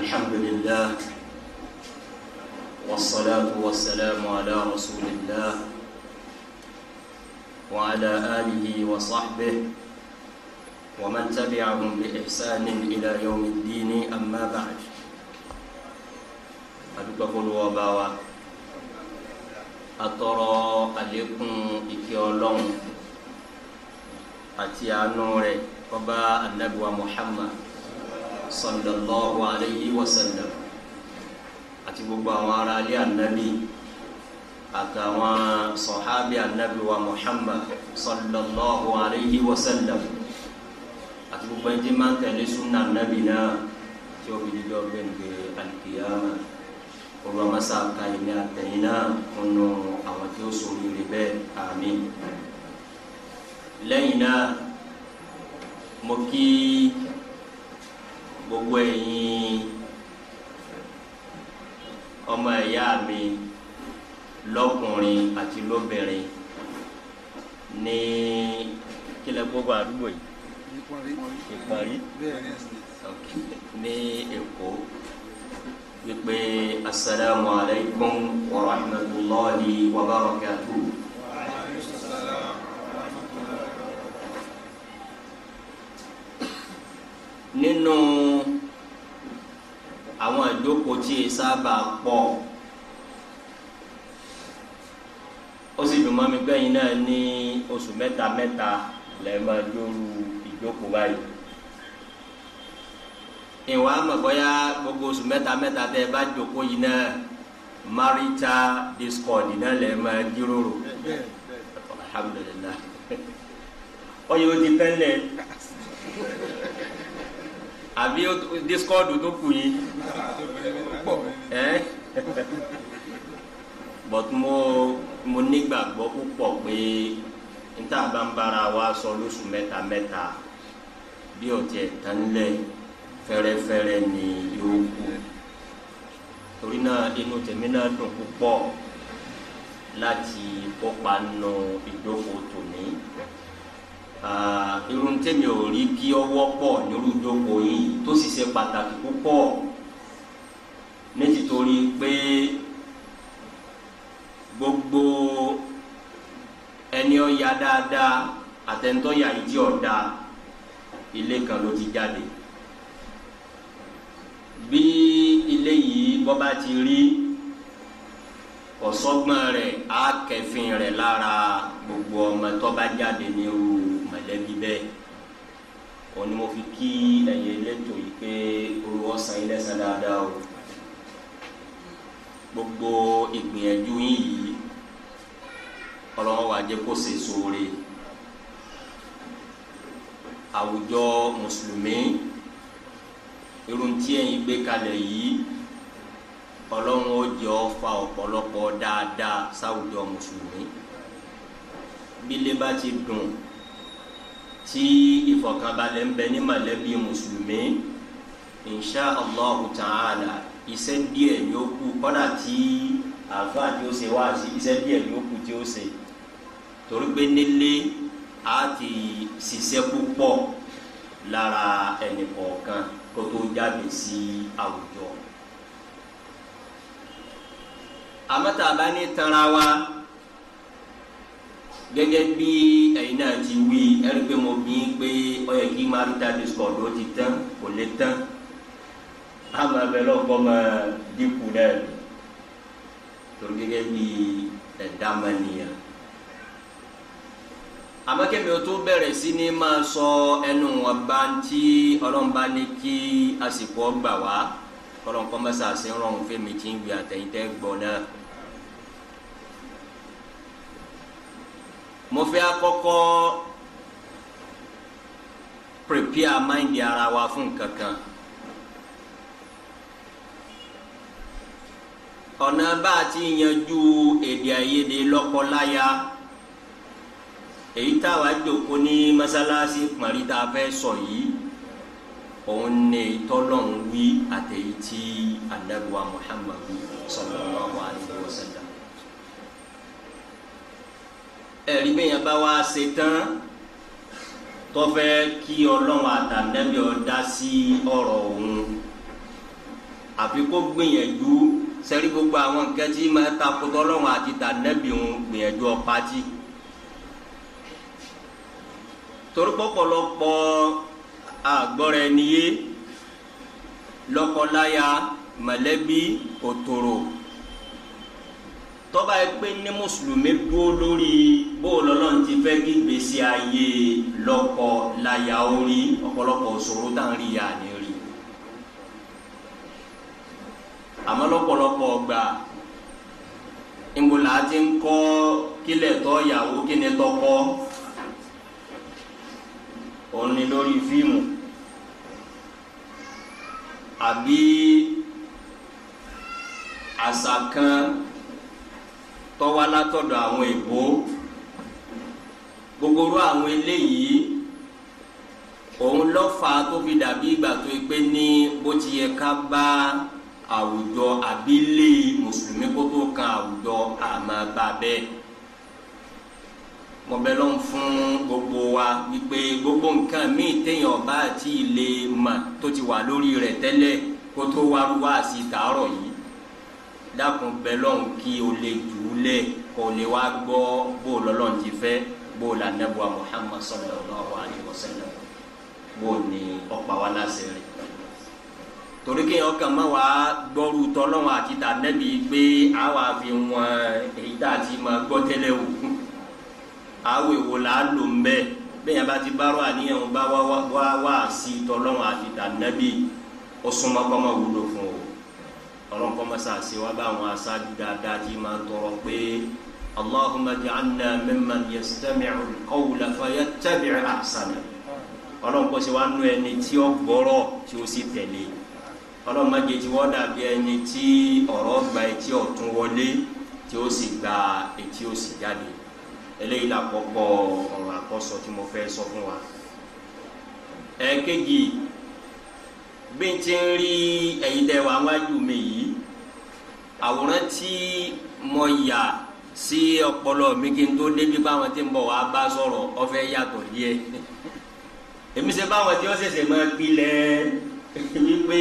الحمد لله والصلاة والسلام على رسول الله وعلى آله وصحبه ومن تبعهم بإحسان إلى يوم الدين أما بعد أدبه الوباوة أترى عليكم إكيولون أتيانوري وبا النبوة محمد sallallahu alayhi wa sallam àti gbogbo àwọn ará ilé ànábì àtàwọn sọ̀hábì ànábì wa muhammad sallallahu alayhi wa sallam àti gbogbo ẹni tí máa ń tẹ̀lé súnà ànábì náà tí ó fi dídọ́ gbẹ̀ǹgbẹ̀ alikiyama olùwà masa ka ilé àtẹ̀yìn náà kúnnú àwọn tí ó sori rẹ̀ bẹ́ẹ̀ àmín lẹ́yìn náà mo kí gbogbo ẹ̀yin ọmọ ẹ̀yà mi lọ́kùnrin àti lóbìnrin ní kílẹ̀ gbogbo àdúgbò yìí ìparí ní èkó wípé asalaamu alaykum wa rahmatulahi wa barakatuh. nínú. No àwọn ìjókòó tí e sábà pọ̀ ó sì dùn mọ́ mi gbẹ̀yìn náà ní oṣù mẹ́ta mẹ́ta lẹ́ẹ̀ máa dóru ìjókòó báyìí ìwà àmọ̀bọ́yá gbogbo oṣù mẹ́ta mẹ́ta tẹ́ ẹ bá jókòó yìí náà marital discord náà lẹ́ẹ̀ máa jíròrò alhamdulilayi ó yẹ ó di pẹ́ńlẹ̀ àbí discord tó kù yín pọ̀ ẹ́ but mo mo nígbàgbọ́ púpọ̀ pé níta bá ń bára wa sọ lóṣù mẹ́ta mẹ́ta bí ọ̀tí ẹ̀tàn lẹ̀ fẹ́rẹ́fẹ́rẹ́ ni yóò kú torí náà inú tèmi náà dùn púpọ̀ láti kópa nù ìdókòó tòní. Ah, irun tẹ́mi ò rí kí ọwọ́ pọ̀ nírú ìjókòó yìí tó sì ṣe pàtàkì púpọ̀ nítorí pé gbogbo ẹni ọ̀ya dáadáa àtẹnudọ́yà yìí tí ọ̀dà ilé kan ló ti jáde bí ilé yìí bọ́ba ti rí ọ̀sọ́gbọ́n rẹ̀ á kẹfin rẹ̀ lára gbogbo ọmọ tó jáde ní irú mọ̀lẹ́bí bẹ́ẹ̀ òun ni mo fi kí ẹ̀yẹ elétò yìí pé olú ọ̀sán ilé ẹ̀sán dáadáa o gbogbo ìgbìyànjú yín yìí ọlọ́wọ́ wa jẹ́ kó ṣe sóore àwùjọ mùsùlùmí irun tí ẹ̀yin gbé kalẹ̀ yìí ọlọ́run ó jẹ́ ọ fa ọ̀pọ̀lọpọ̀ dáadáa sáwùjọ mùsùlùmí bí bá ti dùn tí ìfọ̀kànbalẹ̀ ń bẹ ní mọ̀lẹ́bí mùsùlùmí insha allahu ta'ala iṣẹ́ díẹ̀ ni ó kù kọ́dà tí àáfàá tí ó ṣe wá sí iṣẹ́ díẹ̀ ni ó kù tí ó ṣe torí pé nílé a ti ṣiṣẹ́ púpọ̀ lára ẹnì kọ̀ọ̀kan kó tó jáde sí àwùjọ àmọ́ tá a bá ní tanra wa gẹ́gẹ́ bí ẹ̀yin náà ti wí ẹ̀rí pé mo bí pé ó yẹ kí marital discord ó ti tán kò lè tán àmọ́ abẹ lọ́kọ́ máa dínkù náà torí gẹ́gẹ́ bí ẹ̀dá mọ́nìyàn amakẹ́mi tó bẹ̀rẹ̀ sí ni máa sọ ẹnu wọn bá ń tí ọlọ́mba ní kí àsìkò ọgbà wá kọ́lọ́nkọ́ mẹ́sàásì ń rọrùn fẹ́mi tí ń gbé àtẹ̀yìntẹ́ gbọ́ náà. mo fẹ́ àkọ́kọ́ prepare mind ara wa fún kankan. ọ̀nà bá a ti yanjú èdè àìyedè lọ́kọ-láya èyí táwa jòkó ní mọ́sálásí pọ̀nrí tá a fẹ́ sọ yìí òun ni tọ́lọ́hún wí àtẹ̀yí tí anabiwa Muhammadu sallallahu alaihi. ẹ̀rí bẹ́ẹ̀ yẹn bá wá ṣe tán tọ́fẹ́ kí ọlọ́run àtànẹ́bí ọ̀dá sí ọ̀rọ̀ òun àfi kó gbìyànjú sẹ́rí gbogbo àwọn nǹkan tí máa ta kótó lọ́wọ́n àti ta nẹ́bí òun gbìyànjú ọ̀pá jì. torí pọ̀pọ̀lọpọ̀ àgbọ̀rẹ̀ niyé lọ́kọláya mọ̀lẹ́bí òtòrò tọ́ba yẹ pé ní mùsùlùmí dúró lórí bóòlù ọlọ́run ti fẹ́ kí gbèsè ayé lọ́kọ láyà orí ọ̀pọ̀lọpọ̀ òṣòro tá à ń rí ya ní rí àmọ́ lọ́pọ̀lọpọ̀ ọgbà ìmùlá ti ń kọ́ kílẹ̀ tọ́ yàwó kíni tọkọ òun ni lórí fíìmù àbí àṣà kan tọ́wá látọ̀dọ̀ àwọn èbó gbogbooru àwọn eléyìí òun lọ́fà tó fi dàbí ìgbà tó pé ní bó ti yẹ ká bá àwùjọ àbílẹ̀ mùsùlùmí kó tó kan àwùjọ àmàgbà bẹ́ẹ̀ mo bẹ lọ́n fún gbogbo wa wípé gbogbo nǹkan míì téèyàn bá àti ilé mà tó ti wà lórí rẹ̀ tẹ́lẹ̀ kó tó wá wá sí tàárọ̀ yìí dákun bẹ lọ́hùn kí o lè jù ú lẹ̀ kó o lè wá gbọ́ bó o lọ́lọ́run ti fẹ́ bó o là nẹ́bùa Muhammad sallallahu alaihi wasallam bó o ní ọ̀pá wa láṣẹ rẹ̀ torí kéèyàn kàn má wàá gbọ́rú tọ́lọ́wọ́n àti tànẹ́bí pé àwa fi wọn èyí tá a ti máa gbọ́ tẹ́lẹ̀ o àwọ̀ èwo là á lò ń bẹ́ẹ̀ bẹ́ẹ̀ bá ti bárò àníyàn bá wá wá sí tọ́lọ́wọ́n àti tànẹ́bí ó súnmọ́ kọ́ wúlò fún o ọlọ́run kọ́ mọ́sá ṣe wá bá àwọn aṣáájú dáadáa tí máa tọrọ pé allahumma ja'alna mimman yastami'u al-qawla fayattabi'u ahsana ọlọ́run kọ́ ṣe wá nú ẹni tí ó gbọ́rọ̀ tí ó sì tẹ̀lé ọlọ́run máa jẹ tí wọ́n dàbí ẹni tí ọ̀rọ̀ gba etí ọ̀tún wọlé tí ó sì gba etí ó sì jáde eléyìí làkọ́kọ́ ọ̀rọ̀ àkọ́sọ tí mo fẹ́ sọ fún wa ẹ̀ẹ́kejì. E bí n ti ń rí ẹ̀yin tẹ́ wà wájú mi yìí àwòrán tí mo yà sí ọpọlọ mi kí n tó débi báwọn tí ń bọ̀ wá bá sọ̀rọ̀ ọfẹ́ yàtọ̀ díẹ̀ èmi ṣe báwọn tí wọ́n ṣẹ̀ṣẹ̀ máa pilẹ̀ wípé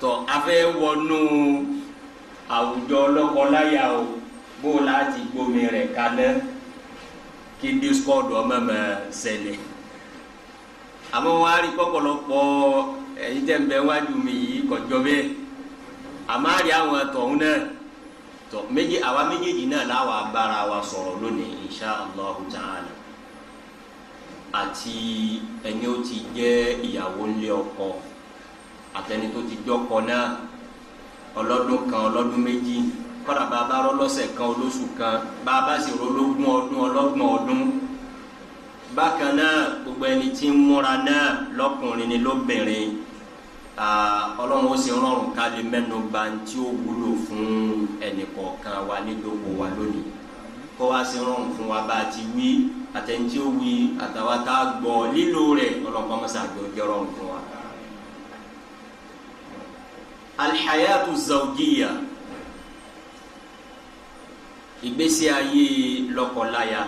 tọ́ afẹ́ wọnú àwùjọ ọlọ́kọláyà o bó láti gbomi rẹ̀ kaná kí discord ọmọ mọ̀ ṣẹlẹ̀ àmọ́ wọn á rí kọ́kọ́lọpọ̀ ẹ̀yin tẹ̀ ń bẹ wájú mi yìí kọjọ́ bẹ́ẹ̀ àmọ́ àrí àwọn tọ̀hún náà tọ̀ méjì àwa méjèèjì náà láwa bára wa sọ̀rọ̀ lónìí insha allah ta'ala àti ẹni ó ti jẹ́ ìyàwó ńlé ọkọ àtẹni tó ti jọ́kọ náà ọlọ́dún kan ọlọ́dún méjì kọ́dà bá a bá rọ́ lọ́sẹ̀ kan olóṣù kan bá a bá sì rọ́ lógún ọdún ọlọ́gbọ̀n ọdún. ọdún bákan náà gbogbo ẹni tí ń múra náà lọ́kùnrin ni lóbìnrin ọlọ́run ó ṣe rọrùn ká lè mẹ́nu bà tí ó wúlò fún ẹnìkọ̀ọ̀kan wa nídòwò wa lónìí kó wá ṣe rọrùn fún wa bá a ti wí àtẹni tí ó wí àtàwa tá a gbọ́ lílo rẹ̀ ọlọ́pàá mọ́sá àjọ jẹ́ rọrùn fún wa. alihayatu zawjiya ìgbésí ayé lọ́kọláya.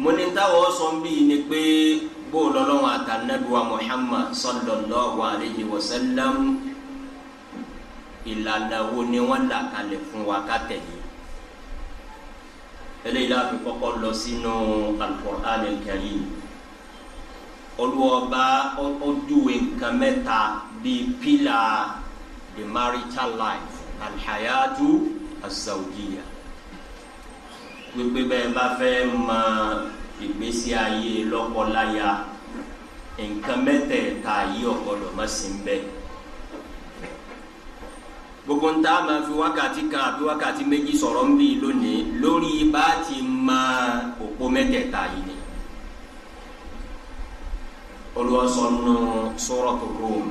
mo ní táwọn sọ ń bí ni pé bó lọ́lọ́wọ́ àtànàdùwà Muhammad sallallahu alayhi wa sallam ìlànà wo ni wọ́n là kalẹ̀ fún wa ká tẹ̀lé eléyìí la fi kọ́kọ́ lọ sínú al-Qur'an al-Karim olùwọ́ba ó júwe the marital life al-hayatu wípé bẹ́ẹ̀ bá fẹ́ mọ ìgbésí ayé lọ́kọláya nǹkan mẹ́tẹ̀ẹ̀ta yìí ọ̀gbọ́dọ̀ má sí ń bẹ́ẹ̀ gbogbo ń tá a máa fi wákàtí kan àbí wákàtí méjì sọ̀rọ̀ ń bì lónìí lórí bá ti mọ òpó mẹ́tẹ̀ẹ̀ta yìí ni olùwàsọ̀nù Suratu Rum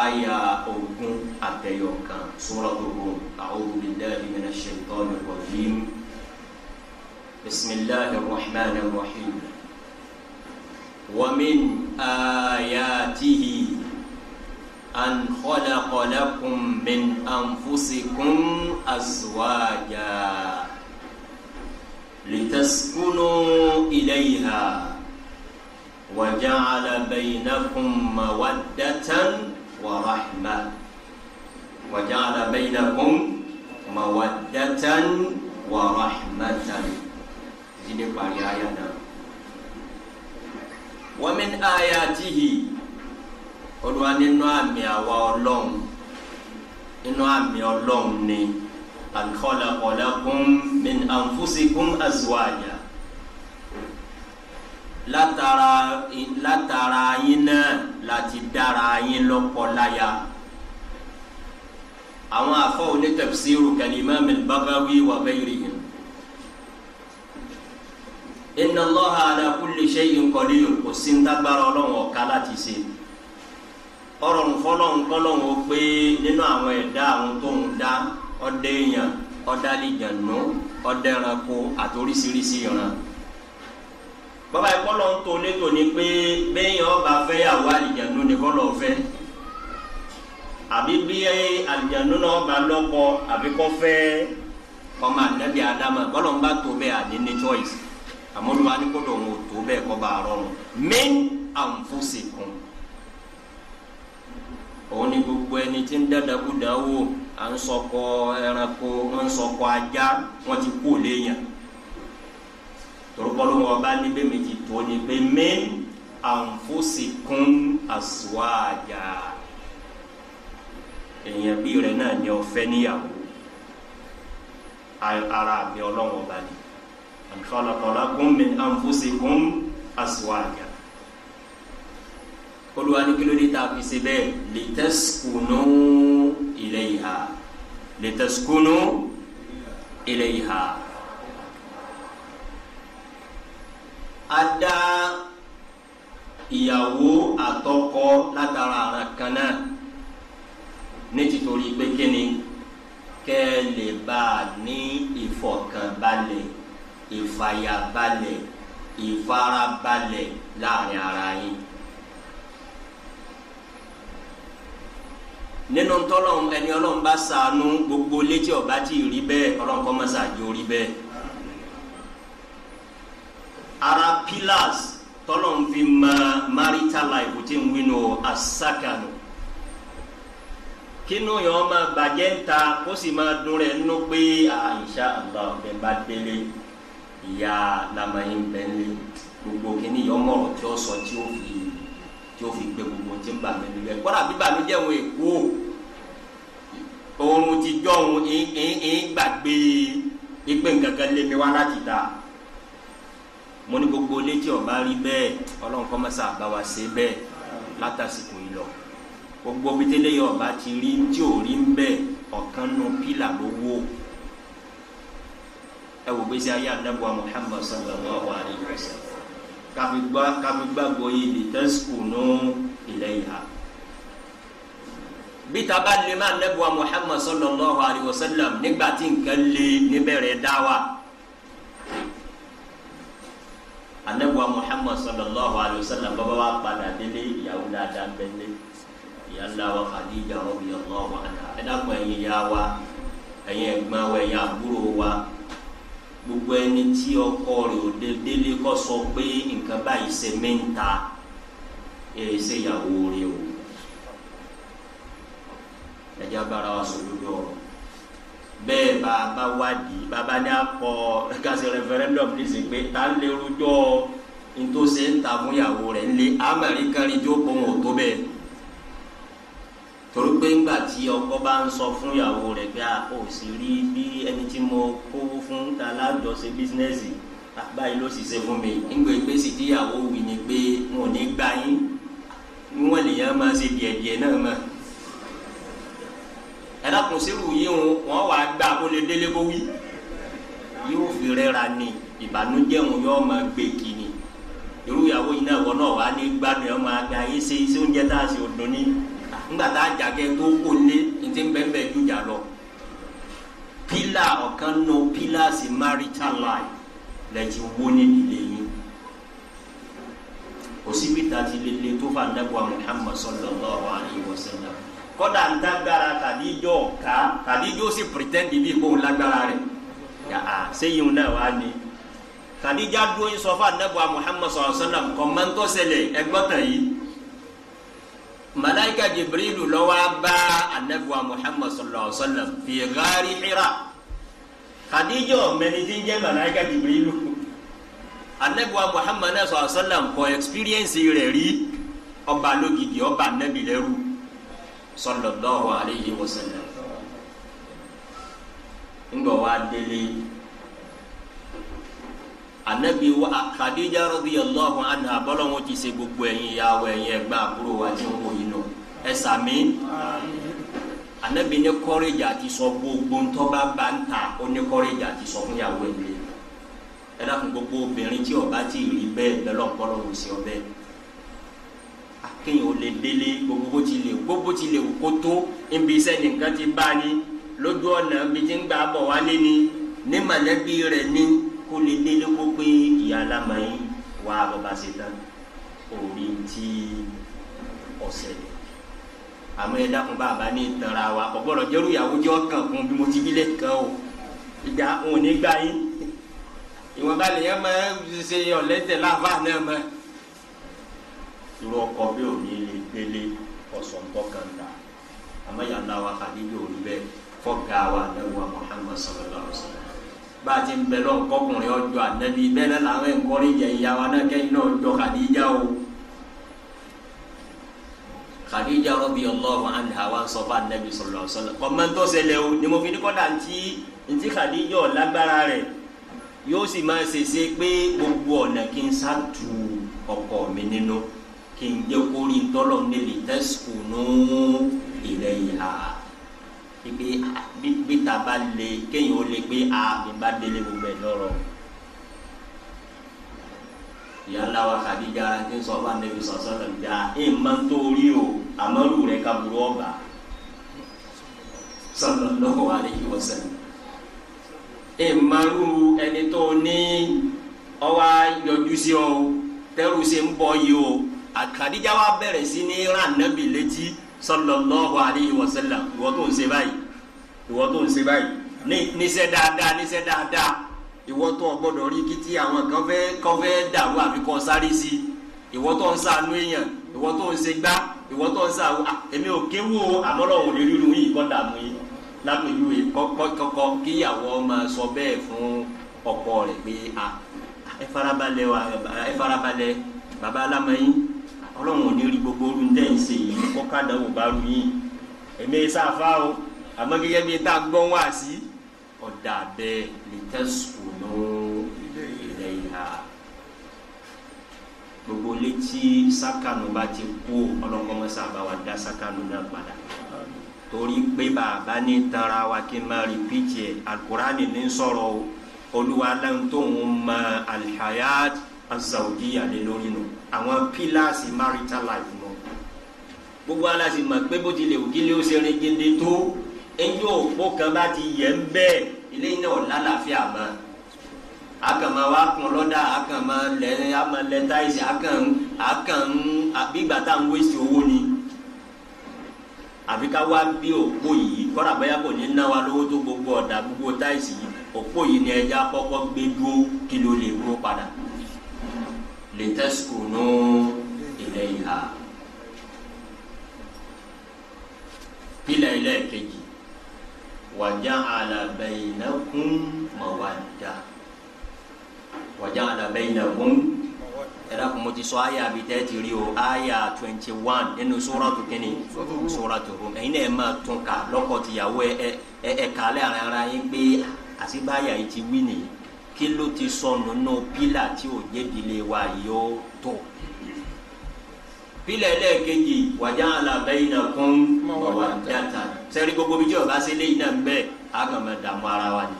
àyà ogún àtẹ̀yọ̀kan Suratu Rum a'udhu billahi minash shaitanir rajim. بسم الله الرحمن الرحيم ومن آياته أن خلق لكم من أنفسكم أزواجا لتسكنوا إليها وجعل بينكم مودة ورحمة وجعل بينكم مودة ورحمة títí dé parí àyà náà. wa min ayatihi olùwà nínú àmì àwa ọlọ́run nínú àmì ọlọ́run ni an khalaqa lakum min anfusikum azwaja látara látara yín náà láti dára yín lọ́pọ̀ láyà àwọn afọ onítẹ̀síru kalimam al-Baghawi wa ghayrihim inna Allaha ala kulli shay'in qadir kò sí ń dágbára ọlọ́run ọ̀ka láti ṣe ọrọ̀run fọlọ́run kọ́lọ́run ó pé nínú àwọn ẹ̀dá àwọn tó ń dá ọdẹ èèyàn ọdàlìjànú ọdẹranko àtòríṣiríṣi ìran bàbá ìkọlọ̀ ń tó létò ni pé béèyàn bá fẹ́ yàwó àlìjànú ni kọ́lọ̀ fẹ́ àbí bí àlìjànú náà bá lọ́kọ àbí kọ́ ọmọ ànábì àdámà bọ́lọ̀ bá tó bẹ́ẹ̀ àdé choice àmọ́lùwà ní kó lòun ò tó bẹ́ẹ̀ kọ́ bá a rọrùn min anfusikum òun ni gbogbo ẹni tí ń dàdàkúdà wò à ń sọkọ ẹranko ń sọkọ ajá wọn ti kú léèyàn torúkọlù wọn bá níbẹ̀ méjì tó ni pé min anfusikum aswaja èèyàn bí rẹ̀ náà ni ọ̀fẹ́ níyàwó ara àmì ọlọ́wọ́n bá ní an khalaqalakum min anfusikum azwaja olúwa ní kílódé tá a fi ṣe bẹ́ẹ̀ litaskunu ilayha litaskunu ilayha a dá ìyàwó àtọkọ látara àràn kan náà ní títorí pé kíni kẹ́ lè bá a ní ìfọ̀kànbalẹ̀ ìfàyàbalẹ̀ ìfarabalẹ̀ láàrin ara yín. nínú tọ́lọ́hún ẹni ọlọ́run bá ṣàánú gbogbo létí ọba tí ì rí bẹ́ẹ̀ ọlọ́run kọ́ mọ́sá àjò rí bẹ́ẹ̀. ara pillars tọ́lọ́hún fi mọ marital life tí ń wí nù asakanu kínú yẹn ọmọ bàjẹ́ ń ta kó sì máa dún rẹ̀ nínú pé ah, insha Allah bẹ́ẹ̀ bá délé ìyá lamayin bẹ́ẹ̀ni gbogbo kìíní yọ mọ̀rọ̀ tí ó sọ tí ó fi tí ó fi gbé gbogbo tí ń bà mí lulẹ̀ kọ́dà bí bàmí jẹ́ òun èkó oorun ti jọ òun ń gbàgbé ìpè nǹkankan lé mi wá láti ta mo ní gbogbo létí ọba rí bẹ́ẹ̀ ọlọ́run kọ́ mọ́sá bá wa ṣe bẹ́ẹ̀ látàsìkò ìlọ gbogbo bitẹ́lẹ́yọ̀ ọba ti rí tí ò rí ń bẹ́ẹ̀ ọ̀kan nu pílà lówó ẹ wò gbèsè ayé anabuwa muhammad sallallahu alayhi wa sallam kàfígbà kàfígbà gbòòyì lè tẹ́sùkù nù ilẹ̀ yìí bita bá lè má anabuwa muhammad sallallahu alayhi wa sallam nígbà tí nǹkan lè níbẹ̀rẹ̀ dáwà anabuwa muhammad sallallahu alayhi wa sallam bàbá wa padà délé ìyàwó dáadáa ń bẹ́ẹ̀ yàrá wa Khadija radiyallahu anha ẹ̀dá kan ẹ̀yẹ yá wa ẹ̀yẹ ẹ̀gbọ́n wa ẹ̀yẹ àbúrò wa gbogbo ẹni tí ọkọ rẹ̀ ò dé délé kọ́ sọ pé nǹkan báyìí ṣe mẹ́ta ẹ̀ ṣe ìyàwó rẹ̀ o ẹ̀já bára wa sọ lórí ọ̀rọ̀ bẹ́ẹ̀ bá a bá wádìí bàbá ní akọ gàṣẹ referendum ní sè pé ta lè rújọ́ ntòsí ń ta fún ìyàwó rẹ̀ rí tó wọn ò tó bẹ́ẹ̀ pé ńgbà tí ọkọ bá ń sọ fún ìyàwó rẹ̀ pé a ò sì rí bí ẹni tí mo kówó fún ta lájọṣe bísínẹ́sì báyìí ló sì ṣe fún mi ńgbà pé sì tí ìyàwó wí ni pé wọn ò ní gbà yín wọn lè yàn máa ṣe díẹ̀díẹ̀ náà mọ̀ ẹ̀dàkùn sírù yìí wọn wàá gbà kó lè délé kó wí yóò fi rẹ́ra ni ìbànújẹ́ òun yóò máa gbé kìíní irú ìyàwó yìí náà wọ́n náà wà ní gbádùn máa gba ayé ṣe iṣẹ́ oúnjẹ tá a ṣe ò ńgbàtà àjàgẹ tó kò ní ntí bẹ́ẹ̀bẹ́ẹ̀ jújà lọ pílà ọ̀kan nù pílà sí marital life lẹ́tí wó níbi lẹ́yìn òsibítà ti lele tó fà dẹ́gbà Muhammad sallallahu alayhi wa sallam kọ́dà ń dágbára Khadija ká Khadija ó sì pretend bí kò ń lágbára rẹ̀ yàrá sẹ́yìn náà wà ní Khadija dúró ń sọ fà dẹ́gbà Muhammad sallallahu alayhi wa sallam kọ́ mẹ́ńtọ́ sẹlẹ̀ ẹgbọ́tàn malaika jibrilu ló wá bá anabiwa muhammad sallallahu alaihi wa sallam fi ghari hira khadija mẹni tí ń jẹ́ malaika jibrilu anabiwa muhammad sallallahu alaihi wa sallam kò experience rẹ̀ rí ọba lógìgì ọba anabi lẹ́rú sallallahu alaihi wa sallam ńgbọ wa délé anabi wa Khadija radiyallahu anha abọlọwọ ti ṣe gbogbo ẹ̀yin ìyàwó ẹ̀yin ẹgbẹ́ àbúrò wa ti ń wòye ẹ sàmì anabi ní kọ́rẹ́jì àti sọ gbogbo ntọ́ba bá ń ta ó ní kọ́rẹ́jì àti sọ fún yàwó ẹ̀ lé ẹ dákun gbogbo obìnrin tí ọba ti rí bẹ́ẹ̀ bẹ́ẹ̀ lọ́nkọ́lọ́ kò sí ọbẹ̀ akéyìn ò lè délé gbogbo ti lè gbogbo ti lè wò kó tó nìkan ti bá ní lójú ọ̀nà bí ti ń gbà bọ̀ wálé ni ní mọ̀lẹ́bí rẹ̀ ní kó lè délé kó pé ìyá alámọ̀ wà bàbá ṣe tán ti ọ̀sẹ̀ àmọ́ ẹ dákun bàbá ní ìtara wa ọ̀gbọ́dọ̀ jẹ́rú ìyàwó jẹ́ ọkàn fún bí mo ti wí lẹ́ẹ̀kan o ìgbà òun ò ní gbà yín ìwọ̀nba lèyàn máa ń ṣe ọ̀lẹ́tẹ̀ láàbà náà mọ́ irú ọkọ bí òní lè gbélé ọ̀sán tọkàn dà àmọ́ wa kàdí yóò rí bẹ́ẹ̀ fọ́gà wa lẹ́wọ̀ Muhammad sallallahu alaihi wasallam bá a ti ń bẹ lọ́kọ́kùnrin ọjọ́ ànábi bẹ́ẹ̀ náà làwọn ẹ̀ńkọ́rin jẹ ìyá wa náà kẹ́yìn náà ọjọ́ kàdí yá o. Khadija radiyallahu anha wa sọ fún anabi sallallahu alaihi wasallam kọmọntọ o ni mo fi ní kódà ntí ntí Khadija ọlágbára rẹ̀ yóò sì máa ṣèṣe pé gbogbo ọ̀nà kí n sàtú ọkọ mi nínú kí n jẹ́ kórì ntọ́lọ̀ níbi tẹ́sùkù nù ilẹ̀ ìhà pípé bí taba le kéèyàn ó le pé a ah, mi bá délé gbogbo ẹ̀ lọ́rọ̀ ìyànlá wa Khadija ti sọ fún anabi sọsọ lẹbíà ẹ má ń torí o àmọ́rù rẹ ká burú sallallahu Alaihi Wasallam, sallam ẹ má rú ẹni tó ní ọwọ́ yọjú sí o tẹ́rù sí ń bọ̀ yìí o àkàdíjà wa bẹ̀rẹ̀ sí ní ra anabi létí sallallahu alayhi wa sallam ìwọ tó ń ṣe báyìí ìwọ tó ń ṣe báyìí níṣẹ́ dáadáa níṣẹ́ dáadáa ìwọ́tọ̀ gbọ́dọ̀ rí kí tí àwọn kan fẹ́ kan fẹ́ dàrú àfi kọ́ sáré sí ìwọ́tọ̀ ń sànú èèyàn ìwọ́tọ̀ ń ṣe gbá ìwọ́tọ̀ ń sàwọ́ èmi ò kéwò àmọ́lọ́wọ́ ní rírun yìí kọ́ dààmú yìí lápèjúwe kọ́kọ́ kíyàwó ọmọ sọ bẹ́ẹ̀ fún ọkọ rẹ̀ pé a ẹ farabalẹ̀ wa ẹ farabalẹ̀ baba alámọ̀yìn ọlọ́run ò rí gbogbo orú ń tẹ̀yìn sí yìí kọ́kádàwò bá rú yìí èmi sáfà o àmọ́ gẹ́gẹ́ bí tá a gbọ́n wá sí i ọ̀dà bẹ́ẹ̀ lìtẹ́sùkùnú ilẹ̀ ìhà gbogbo létí sákànù bá ti kú ọlọ́kọ́mọ́sá bá wa dá sákànù náà padà torí pé bàbá ní tara wa kí n máa rìpíìtì ẹ̀ alukurani ní sọ̀rọ̀ o olúwa lẹ́nu tó ń mọ alihayat azawudiya lé lórí nu àwọn pílàsì marital life nu gbogbo aláṣẹ mọ̀ pé bó tilẹ̀ òkìlẹ̀ ó ṣe rìn tó ẹ̀yìn òpó kan bá ti yẹ̀ ń bẹ́ẹ̀. ile ne o lalafia ma akama wa kunlɔ da akama lɛ ama lɛ taisi akan akan abigbata ŋu esi owo ni afika wa bi okpo yi kɔra abaya ko ni na wa to gbogbo ɔda gbogbo taisi okpo yi ni ɛdza kɔkɔ gbe duwo kilo le wo pada le tɛsiko nu ilɛ yi ha pilɛ ilɛ keji waja'ala bainakum mawadda waja'ala bainakum ẹ̀rọ kò mo ti sọ àyà bíi tẹ́ ti rí o àyà twenty one nínú sóràtò kínní sóràtò Rum ẹ̀yin náà ẹ̀ máa tún kà lọ́kọ̀ tìyàwó ẹ̀ ẹ̀ kàlẹ́ ara ara yín pé àṣìbáyà yìí ti wí nìyí kí ló ti sọnù nù pílà tí ò jẹ́bi lè wá yìí ó tó pílẹ̀ ẹlẹ́ẹ̀kejì wàjà alábẹ́yìnà kún ọ̀wà dàtà sẹ́rí gbogbo bíi tí ọba ṣe léyìn náà ń bẹ́ẹ̀ á kàn máa dààmú ara wa ni.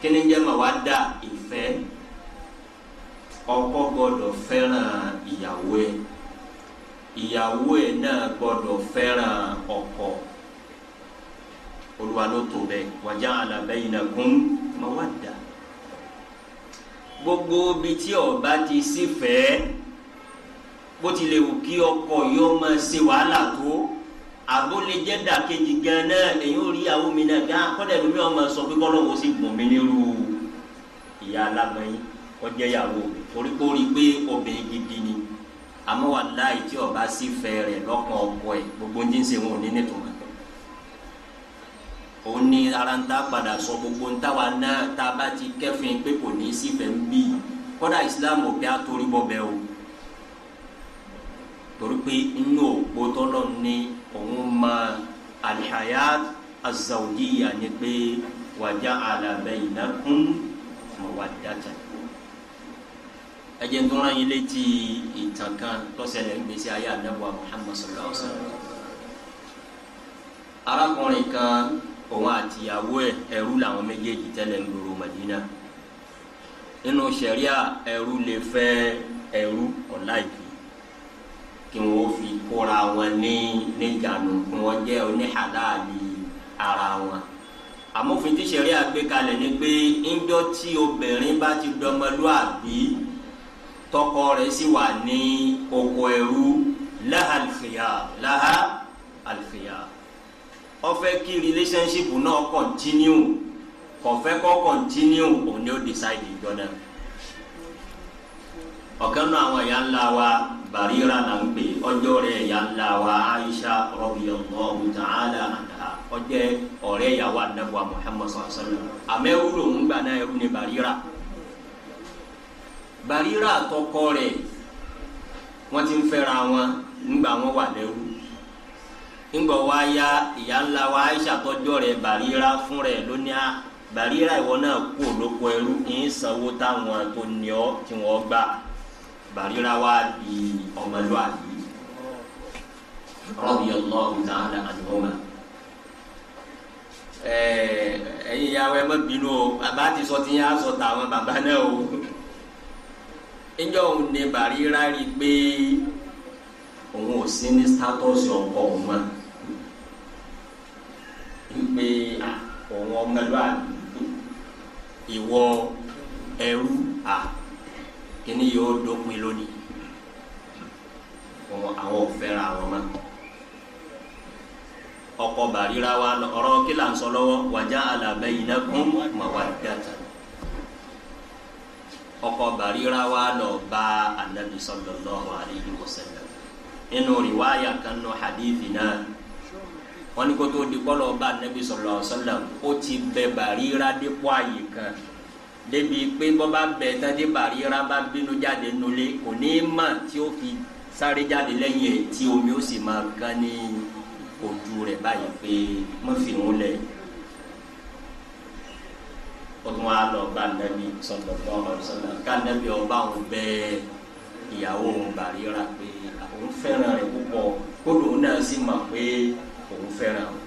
kí ni jẹ́ màá wá dá ìfẹ́ ọkọ gbọ́dọ̀ fẹ́ràn ìyàwó ẹ̀ ìyàwó ẹ̀ náà gbọ́dọ̀ fẹ́ràn ọkọ olúwa ló tó bẹ́ẹ̀ wàjà alábẹ́yìnà kún ọ̀wà dà gbogbo bíi tí ọba ti sí fẹ́ẹ́ bó ti lè wù kí ọkọ yóò máa ṣe wàhálà tó àbó lè jẹ́ dàkejì gan náà èyí ò rí ìyàwó mi náà gán kọ́dà lómi ọmọ sọ pé kọ́ lọ́wọ́ sì gùn mí nírú ìyá alágbọ̀nyín kọjá torí pé rí i pé obìnrin gidi ni àmọ́ wà láì tí ọba sì fẹ́ rẹ̀ lọ́kàn ọkọ ẹ̀ gbogbo ń dín sí wọn ò ní nítorí òun ní ara ń tá padà sọ gbogbo ń táwa náà tá a bá ti kẹ́fìn pé kò ní í sífẹ̀ẹ́ ń bí kódà Islam ò bí a bọ́ bẹ́ẹ̀ o torí pé inú òpó tọ́lọ̀ ní òun ma alihayat azawujiya ni pé wàjà alabaynakum mawaddatan ẹjẹ ń tọ́ra yín létí ìtàn kan lọ́sẹ̀lẹ̀ gbèsè ayé àdáwà Muhammad sallallahu alaihi wa sallam arákùnrin kan òun àtìyàwó ẹ̀ ẹrú làwọn méjèèjì tẹ́lẹ̀ ń lòrò Madina nínú ṣẹ̀ríà ẹrú lè fẹ́ ẹrú ọ̀la yìí kí wọ́n fi kóra wọn ní níjànú kí wọ́n jẹ́ oníhàlàlì ara wọn amófin tí ṣẹ̀ríà gbé kalẹ̀ ni pé ńjọ́ tí obìnrin bá ti dọmọlúàbí tọkọ rẹ̀ sì wà ní oko ẹrú láha àlùfíà láha àlùfíà ó kí relationship náà continue kò fẹ́ continue òun ni ó decide ìjọ náà. ọ̀kan náà àwọn ìyá wa Barira na ń pè ọjọ́ rẹ̀ ìyá ńlá wa Aisha radiyallahu ta'ala anha ọjẹ́ ọ̀rẹ́ ìyàwó anabuwa gbà náà ni Barira Barira àtọkọ rẹ̀ wọ́n ti ń fẹ́ra wọn wọn wà lẹ́wù ńgbọ̀ ya wa Aisha rẹ̀ Barira fún rẹ̀ ìwọ náà kú òlóko ẹrú bàríra wá di ọmọlúwàbí rọ́bì ọlọ́run taala àdúgbò Eh, yàwó ẹ má bínú o bàbá ti sọ ti yá sọ tàwọn bàbá náà o níjọ́ òun ni bàríra rí i pé òun ò sí ní sítátọ́sì ọkọ òun mọ́ wípé òun ọmọlúwàbí ìwọ ẹrú à kíní yóò dópin lónìí àwọn ò fẹ́ra wọn mọ́ ọkọ̀ bàríra wa ọ̀rọ̀ kí là ń sọ lọ́wọ́ wàjá àlàbẹ̀ yìí náà kún mà wà dàtà ọkọ̀ bàríra wa lọ bá anabi sallallahu alayhi wa sallam nínú rìwáyà kan nù hadithi náà wọn ní kó tó di kọ́ lọ bá anabi sallallahu alayhi wa sallam ó ti bẹ bàríra dípò àyè kan débi pé bọ́ba bẹ̀ tàdé bàríra bá bínú jáde nulẹ̀ kò ní í mà tí ó fi sáré jáde lẹ́yìn ẹ̀ tí omi ó sì máa kán ní ojú rẹ̀ báyìí pé wọ́n fi hùn lẹ̀ ó tún wá lọ bá nẹ́bí sallallahu alaihi wasallam ká nẹ́bí ọba òun bẹ́ẹ̀ ìyàwó òun bàríra pé òun fẹ́ràn rẹ̀ púpọ̀ kó lòun náà sì mọ̀ pé òun fẹ́ràn òun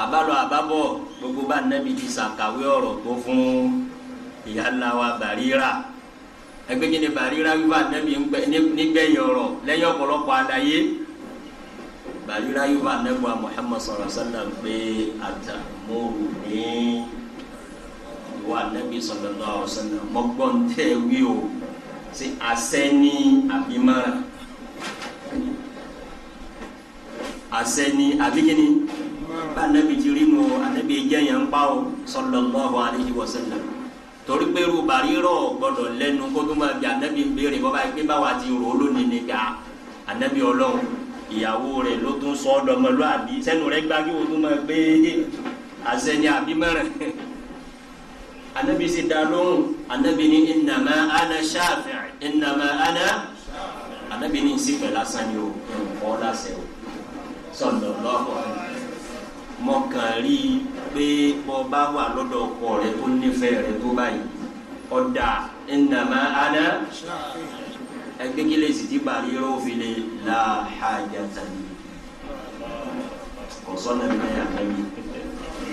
àbálọ àbábọ̀ gbogbo bá nẹ́bi ti sàkàwé ọ̀rọ̀ tó fún ìyá ńlá wa bàríra ẹgbẹ́ kí ni bàríra wíwá nẹ́bi nígbẹ̀yìn ọ̀rọ̀ lẹ́yìn ọ̀pọ̀lọpọ̀ àlàyé bàríra wíwá nẹ́bi wa Muhammad sọ̀rọ̀ sọ́nà pé àtàmóhù ní wa nẹ́bi sọ̀rọ̀ lọ́wọ́ sọ́nà mọ́gbọ́n tẹ́ wí o sí asẹ́ ní àbímọ́ra asẹ́ ní àbíkíní anabi jirinu anabi jẹyàn pa o sallallahu alayhi wa sallam torí pé irú bàrírọ̀ gbọ́dọ̀ lẹ́nu kó tó máa bí anabi ń béèrè bọ́ba yìí pé ti rò ó lónìí ni gà anabi ọlọ́run ìyàwó rẹ̀ ló tún sọ ọ́dọ̀mọlú àbí sẹ́nu rẹ̀ gbá kí o tún máa gbé àṣẹ ni àbí mẹ́rin anabi sì dá lóhùn anabi ní innama ana shafi innama ana anabi ní ìsìnkú lásán ni o nǹkan lásán o sallallahu alayhi mo kàn rí i pé bọ́ bá wà lọ́dọ̀ ọkọ rẹ tó nífẹ̀ẹ́ rẹ tó báyìí ọ̀dà ìnàmá aná ẹgbẹ́gẹ́lẹ́ sì ti bàrí yọrọ fi lè la hajà tàbí kọ̀sọ́nà mi náà yàtọ̀ mi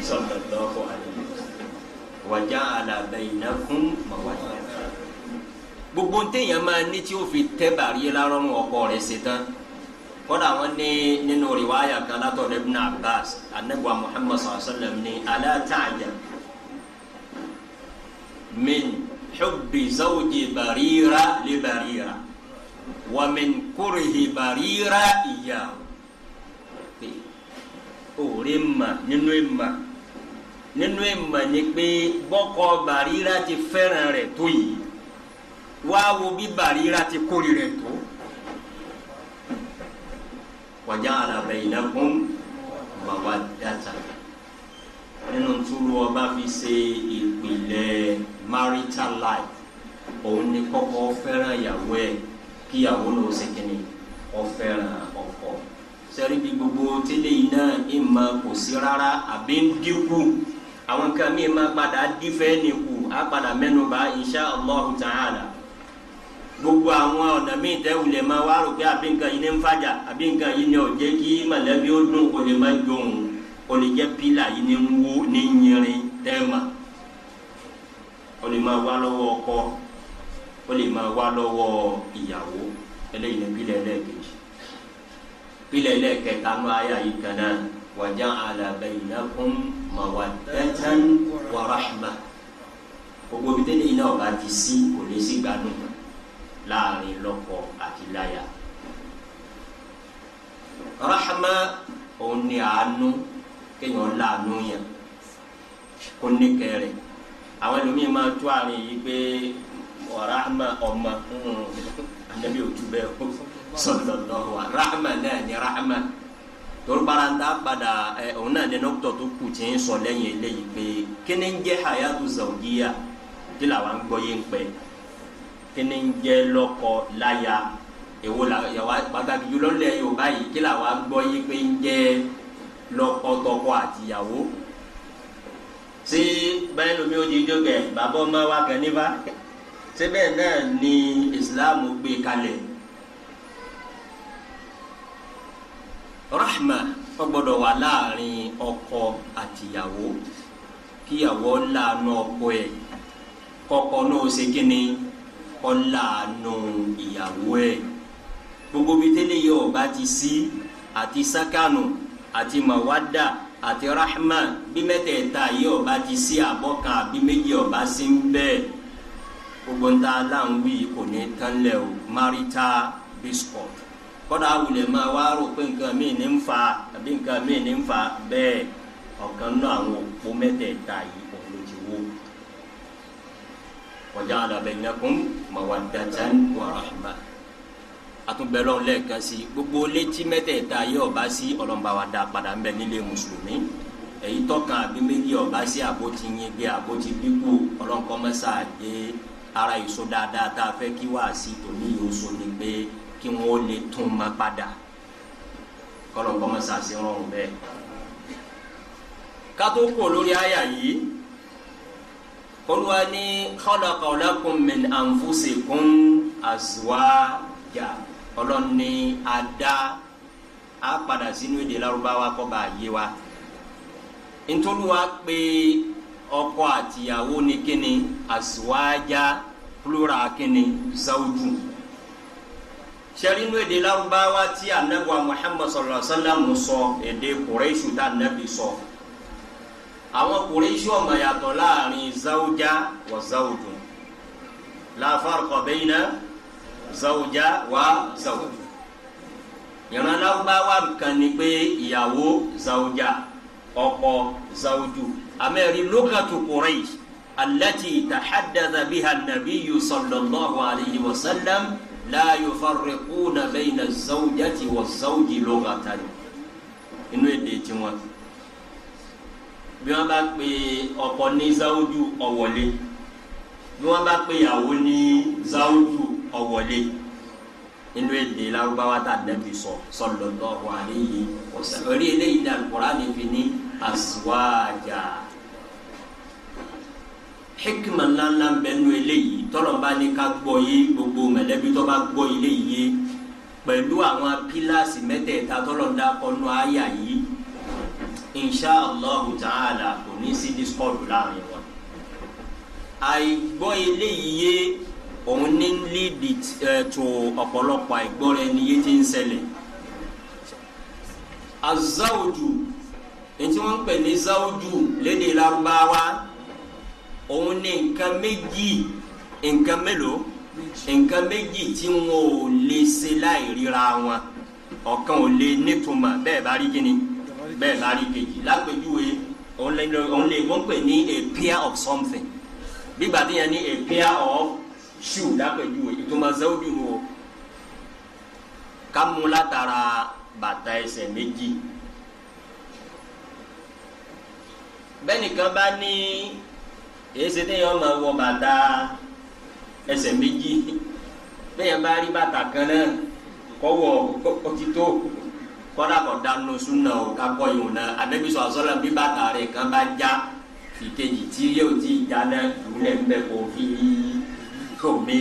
sọ̀tọ̀ lọ́kọ̀ àlẹ́ wàjà àlàbẹ̀ ìnákún mọ̀wájà gbogbo ntẹ̀yàn máa ní tí ó fi tẹ́ bàrí yẹ lárọ́ ọkọ rẹ̀ ṣetán kódà wọn ní nínú riwaayà kan látọ̀dọ̀ ibn abbas anabiwa muhammad sallallahu alaihi wa sallam ní ala ta'jab min hubbi zawji barira li barira wa min kurhi barira iyyahu òòrè mà nínú ìmà nínú ìmà ni pé bọ́kọ barira ti fẹ́ràn rẹ̀ tó yìí wá bí barira ti kórìí rẹ̀ tó wa ja'ala bainakum mawaddata nínú túlù ọba fi ṣe ìpìlẹ̀ marital life òun ni kọ́kọ́ fẹ́ràn ìyàwó ẹ̀ kí ìyàwó náà ṣe kínní ọ fẹ́ràn ọkọ sẹ́rí bí gbogbo tẹ́lẹ̀ yìí náà ìmọ̀ kò sí rárá àbí ń dínkù àwọn kan mi máa padà dífẹ́ nìkú á padà mẹ́nu bá insha Allahu ta'ala gbogbo àwọn ọ̀nà míì tẹ́wulẹ̀ máa wá rò pé àbí nǹkan yìí ní ń fàjà àbí nǹkan yìí ní ó jẹ́ kí mọ̀lẹ́bí ó dùn kò lè má jòun kò lè jẹ́ pílà yìí ní ń wó ní yìnrìn tẹ́ẹ̀mà kò lè máa wá lọ́wọ́ ọkọ kò lè máa wá lọ́wọ́ ìyàwó eléyìí pílẹ̀ ẹlẹ́ẹ̀kejì pílẹ̀ ẹlẹ́ẹ̀kẹta ní ayé yìí kan náà wa ja'ala bainakum mawaddatan wa rahmah láàrin lọ́kọ àti láya rahama òun ni àánú kéèyàn láàánú yẹn kó ní kẹrẹ àwọn ẹlòmíín máa tó àárín yìí pé rahama ọmọ anabi hmm, òtún bẹ́ẹ̀ o wa rahama náà ni rahama torubaranda padà ẹ òun náà ni dókítà tó kù tí ń sọ lẹ́yìn eléyìí pé kí ni hayatu zawjiya kí làwọn gbọ́ yé ń pẹ́ kíni ń jẹ́ lọ́kọ láya èwo la yàwá pàtàkì jùlọ lẹ yorùbá yìí kí la wàá gbọ́ yí pé ń jẹ́ lọ́kọ tọkọ àtìyàwó ṣé báyìí lomi ò jíjó gẹ bàbá ọmọ wa kàn níbà ṣé bẹ́ẹ̀ náà ni Islam gbé kalẹ̀ rahma ó gbọ́dọ̀ wà láàrin ọkọ àtìyàwó kíyàwó láàánú ọkọ ẹ̀ kọ́kọ́ náà ṣe kí ni ọ̀làánú ìyàwó ẹ̀ gbogbo bíi tẹ́lẹ̀ yìí ọba ti sí àti sákànù àti màwádà àti rahma bí mẹ́tẹ̀ẹ̀ta yìí ọba ti sí àbọ̀kan àbí méjì ọba sí ń bẹ́ẹ̀ gbogbo ń ta aláǹwí kò ní tán lẹ̀ o marital biscuit kọ́dà awulẹ̀ máa wá rò pé nǹkan míì ní ń fa àbí nǹkan míì ní ń fa bẹ́ẹ̀ ọ̀kan náà àwọn òpó mẹ́tẹ̀ẹ̀ta yìí òun ti wó wa ja'ala bainakum mawaddatan wa rahma àtúnbẹ̀lọ́ lẹ́ẹ̀kan sí gbogbo létí mẹ́tẹ̀ẹ̀ta yóò bá sí ọlọ́mọba wa dá padà ń bẹ nílé mùsùlùmí èyí tọ́kan àbí méjì ọba sí àbótí yín gbé àbótí bíkú ọlọ́nkọ́mọ́sá dé ara ìso dáadáa tá a fẹ́ kí wàá sí tòní yóò so ni pé kí wọ́n ó lè tún ma padà kọ́lọ́nkọ́mọ́sá sí rọrùn bẹ́ẹ̀. ká tó lórí àyà yìí ni olúwa ní khalaqa lakum min anfusikum azwaja ọlọ́run ní ada a padà sínú èdè lárúbáwá kọ́ bá yé wa ntoluwa pé ọkọ àtìyàwó ni kíni azwaja plural kíni zawju sẹ́rínú èdè lárúbáwá tí anabi wa muhammad sallallahu alaihi wa sallam sọ èdè kùrẹ́sù tá anabi sọ. So àwọn kùrẹ́ṣù ọmọ yàtọ̀ láàrin zawuja wa zawujun la farqa bayna zawuja wa zawujun ìran lárúbáwá kan ni pé ìyàwó zawuja ọkọ zawuju amẹ́rin lókàtú kùrẹ́ṣù alati tahadada biha nabiyu sallallahu alayhi wa sallam la yufarriquna bayna zawujati wa zawuji lókàtà inú èdè tiwọn bí wọn bá pe ọkọ ní záwójú ọwọlé bí wọn bá pe ìyàwó ní záwójú ọwọlé inú èdè lárúbáwá tá a dẹbi sọ sallallahu alayhi wa orí eléyìí dàrú Kùránì fi ní aswaja hikima ńláńlá bẹnu eléyìí tọlọmọba ní ká gbọ́ yé gbogbo mẹ̀lẹ́bí tó bá gbọ́ eléyìí yé pẹ̀lú àwọn pílàsì mẹ́tẹ̀ẹ̀ta tọlọmọdà kọnu àyà yìí insha allah ta'ala kò ní sí discord láàrin wọn. àìgbọ́ eléyìí yé òun ní lead eh, to ọ̀pọ̀lọpọ̀ àìgbọ́ra ẹni yé ti ń ṣẹlẹ̀. azawudu ètí wọ́n ń pè ní zawudu lédè Lárúbáwá òun ní nǹkan méjì nǹkan mélòó nǹkan méjì tí wọn ò lè ṣe láì ríra wọn ọ̀kan ò lè nítumọ̀ bẹ́ẹ̀ bá rí kíni bẹ́ẹ̀ lárí kejì lápèjúwe òun lè wọ́n pè ní a pair of something gbígbà tí yẹn ní a pair of shoe lápèjúwe ìtumọ̀ zẹ́wọ́dù nù o ká mú látara bàtà ẹsẹ̀ méjì bẹ́nìkan bá ní èsì téèyàn máa wọ bàtà ẹsẹ̀ méjì téèyàn bá rí bàtà kan náà kọ́wọ́ ó ti tó kọ́dà kọ́ dánú súnà o kakọ́ ìhùn náà anabi sọ̀rọ̀ sọ́lá bí bàtà rẹ̀ kan bá já ìkejì tí yóò ti já náà ìwúlẹ̀ ń bẹ kó fi kò mí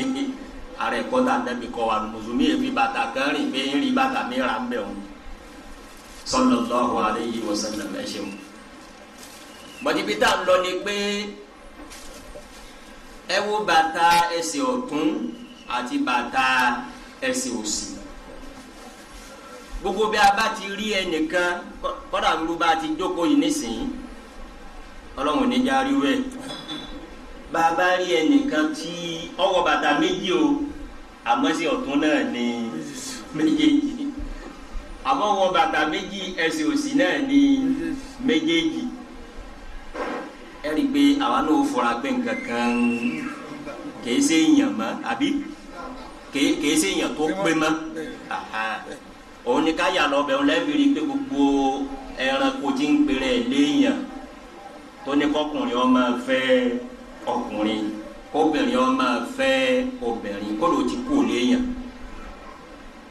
ara ẹ̀kọ́ tá anabi kọ́ wa mùsùlùmí yẹn fi bàtà kan rìn pé ń rí bàtà mi rà ń bẹ̀ wọn sallallahu alayhi wa sallam ẹ ṣeun. mọ̀tìbí tá a lọ ni pé ẹ wo bàtà ẹsẹ̀ ọ̀tún àti bàtà ẹsẹ̀ òsì gbogbo bí a bá ti rí ẹnìkan kọ́dà gbogbo bá a ti jókòó yìí nísìnyí ọlọ́run ní já wẹ̀ bá a bá rí ẹnìkan tí ọwọ́ bàtà méjì o àmọ́ sí ọ̀tún náà ni méjèèjì àmọ́ ọwọ́ bàtà méjì ẹsẹ̀ òsì náà ni méjèèjì ẹ rí i pé àwa náà fọra pé nǹkan kan kèé séèyàn mọ́ àbí kèé séèyàn tó pé mọ́ òun ni ká yà lọ bẹ̀ òun lẹ́bi rí pé gbogbo ẹranko tí ń pèrè léèyàn tó ní kọkùnrin ọmọ fẹ́ ọkùnrin kóbìnrin ọmọ fẹ́ obìnrin kódò ti kú léèyàn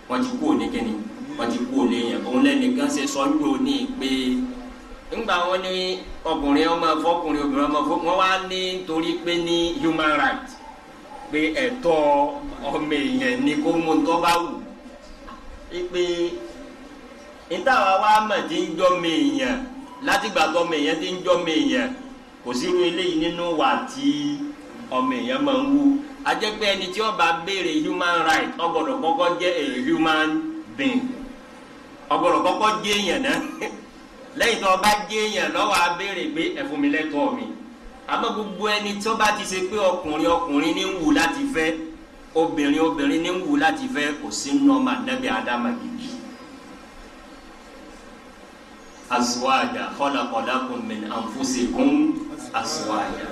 wọ́n ti kú nìkíni wọ́n ti kú léèyàn òun lẹ́nìkan ṣe sọ́jú ní pé ńgbà wọn ní ọkùnrin ọmọ fọkùnrin obìnrin ọmọ fọkùnrin wọn wá ní torí pé ní human right pé ẹ̀tọ́ ọmọ èèyàn ni kó mú tó bá wù ipe ntàwa wa mọ̀ tí ń jọ́ mi èèyàn látìgbà tó ọmọ èèyàn ti ń jọ́ mi èèyàn kò sí irú eléyìí nínú wà tí ọmọ èèyàn máa ń wú ajẹ́pẹ́ ẹni tí ó bá béèrè human right ó gbọ́dọ̀ kọ́kọ́ jẹ́ human being ó gbọ́dọ̀ kọ́kọ́ jẹ́ èèyàn náà lẹ́yìn tó bá jẹ́ èèyàn lọ́wọ́ á béèrè pé ẹ̀fún mi lẹ́tọ̀ọ́ mi àmọ́ gbogbo ẹni tó bá ti ṣe pé ọkùnrin ọkùnrin ní ń wù láti fẹ́ obìnrin obìnrin ní wù láti fẹ́ kò sí nínú ọmọ ànábì adama gidi azuwaja khalaqalakum min anfusikum azuwaja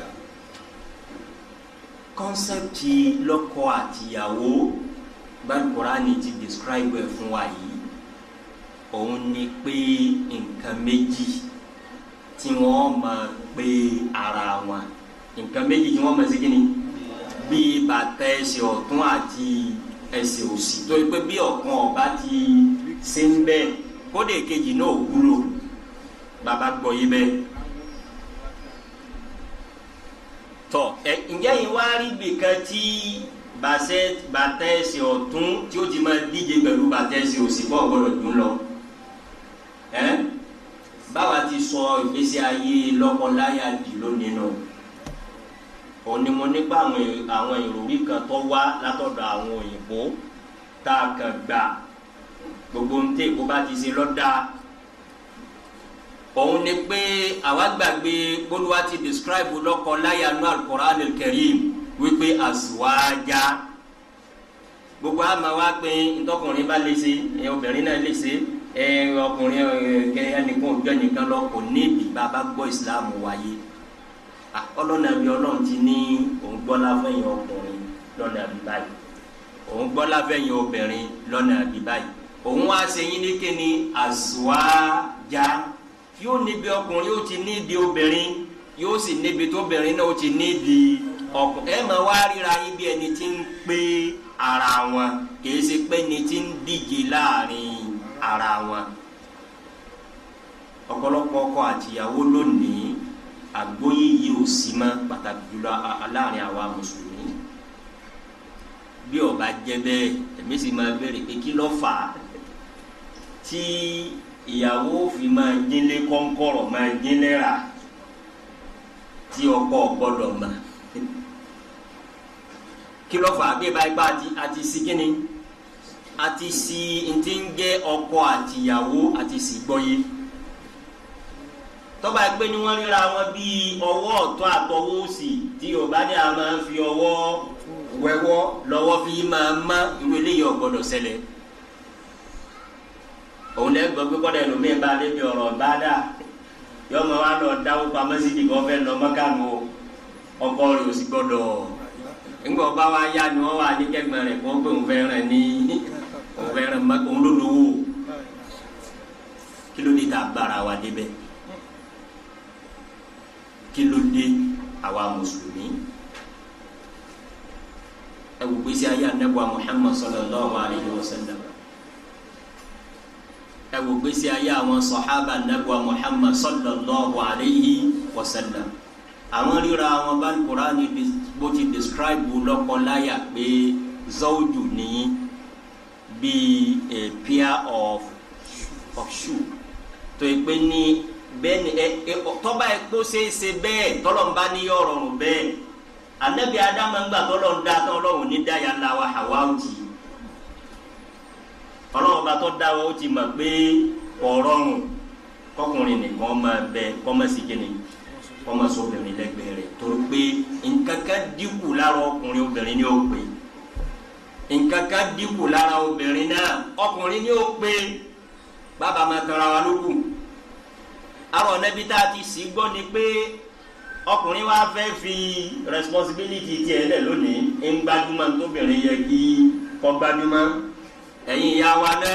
kọ́nsẹ́pì lọ́kọ àtìyàwó gbàgbọ́ránì ti describe ẹ̀ fún wa yìí òun ni pé nǹkan méjì tí wọ́n máa pè ara wọn nǹkan méjì tí wọ́n máa ṣe ni bíi bàtà ẹsẹ̀ ọ̀tún àti ẹsẹ̀ òsì tó yẹ pé bí ọ̀kan ọ̀bá ti ṣe ń bẹ́ kódé kejì náà wúlò bàbá gbọ́ yí bẹ́ẹ̀. tọ ẹ ǹjẹ́ yìí wá rí bìkan tí bàṣẹ bàtà ẹsẹ̀ ọ̀tún tí ó ti máa díje pẹ̀lú bàtà ẹsẹ̀ òsì bọ́ ọ̀gbọ́dọ̀ dùn lọ. báwa ti sọ ìgbésí ayé lọ́kọ̀ọ́láyà dì lónìí náà òní mo nípa àwọn ìròrí kan tó wá látọ̀dọ̀ àwọn òyìnbó tá a kàn gbà gbogbo ń tẹ̀ kó bá ti ṣe lọ́dà òun ni pé àwa gbàgbé bólúwa ti describe lọ́kọ láyà nú al-Qur'an al-Karim wípé azwaja gbogbo àmà wa pé ntọkùnrin bá lè ṣe ẹ obìnrin náà lè ṣe ẹ ọkùnrin ẹ ẹnìkan òjò ẹnìkan lọ kò níbi bàbá gbọ́ ìsìlámù wáyé Ah, ọlọ́nà bí ọlọ́run ti ní òun gbọ́lá fẹ́yìn ọkùnrin lọ́nà bí báyìí òun gbọ́lá fẹ́yìn obìnrin lọ́nà bí báyìí òun wá ṣe yín ní kíni àzùwájá yóò níbi ọkùnrin yóò ti níbi obìnrin yóò sì níbi tóbìnrin náà ó ti níbi ọkùnrin ẹ máa wá ríra yín bí ẹni tí ń pé ara wọn kìí ṣe pé ni ti ń díje láàrin ara wọn ọ̀pọ̀lọpọ̀ ọkọ àtìyàwó lónìí àgbóyé yìí ò sí mọ́ pàtàkì jùlọ láàrin àwa mùsùlùmí bí ó bá jẹ́ bẹ́ẹ̀ èmi sì máa béèrè pé kí ló fà á tí ìyàwó fi máa dínlé kọ́ńkọ́rọ̀ máa dínlé rà tí ọkọ gbọ́dọ̀ mọ̀ kí ló fà á bí báyìí bá àti sí kínni àti sí ntí ń jẹ́ ọkọ àtìyàwó àti sí gbọ́yé tọ́ba pé ni wọ́n ríra wọn bíi ọwọ́ ọ̀tún àtọwọ́ òsì tí yorùbá ní a máa ń fi ọwọ́ wẹ́wọ́ lọ́wọ́ fi máa má irú eléyìí ọ̀gbọ́dọ̀ ṣẹlẹ̀ òun lẹ́ gbọ́ pé kọ́dà ẹnu mẹ́ba débi ọ̀rọ̀ bàdà yọmọ wa lọ dáwọ́ pamọ́ sí ìdìbò ọ̀fẹ́ lọ mọ́kànù ọkọ rẹ̀ òsì gbọ́dọ̀ ńgbọ́ bá wa yá ni wọ́n wà ní kẹgbẹ́ rẹ̀ kó pé òun fẹ́ rẹ̀ ní òun fẹ́ rẹ̀ mọ́kànù lólówó kí ló dé ta bára wa débẹ̀ kí ló dé àwa mùsùlùmí ẹ wò gbèsè ayé anabu Muhammad sallallahu alayhi wa sallam ẹ wò gbèsè ayé àwọn sọhábà anabu Muhammad sallallahu alayhi wa sallam àwọn ríra àwọn bá Kùránì bó ti describe lọ́kọláya pé zawju ni bí a pair of of shoe tó yẹ pé ní bẹ́ẹ̀ ni ẹ ẹ tọ́ba ẹ kó ṣeéṣe bẹ́ẹ̀ tọ́lọ́mba ní yọ rọrùn bẹ́ẹ̀ anabi adama ń gbà tọ́lọ́ da tọ́lọ́hún ní dáyà la wa hawa ó ti ọlọ́run bá tọ́ da wa ó ti mọ̀ pé ọ̀rọ̀rùn kọkùnrin nìkan máa bẹ kọ́mọ̀síkìnì kọ́mọ̀sóbìnrin lẹ́gbẹ̀ẹ́ rẹ̀ torí pé nǹkan dínkù lára ọkùnrin obìnrin ni ó pè nǹkan kan dínkù lára obìnrin náà ọkùnrin ni o pè bàbá máa tọ́ra wa lókùn àwọn ọ̀nẹ́bí tá a ti sì gbọ́ ni pé ọkùnrin wa fẹ́ fi responsibility tiẹ̀ lẹ̀ lónìí ń gbajúmọ̀ tóbìnrin yẹ kí kọ́ gbajúmọ̀ ẹ̀yin ìyá wa náà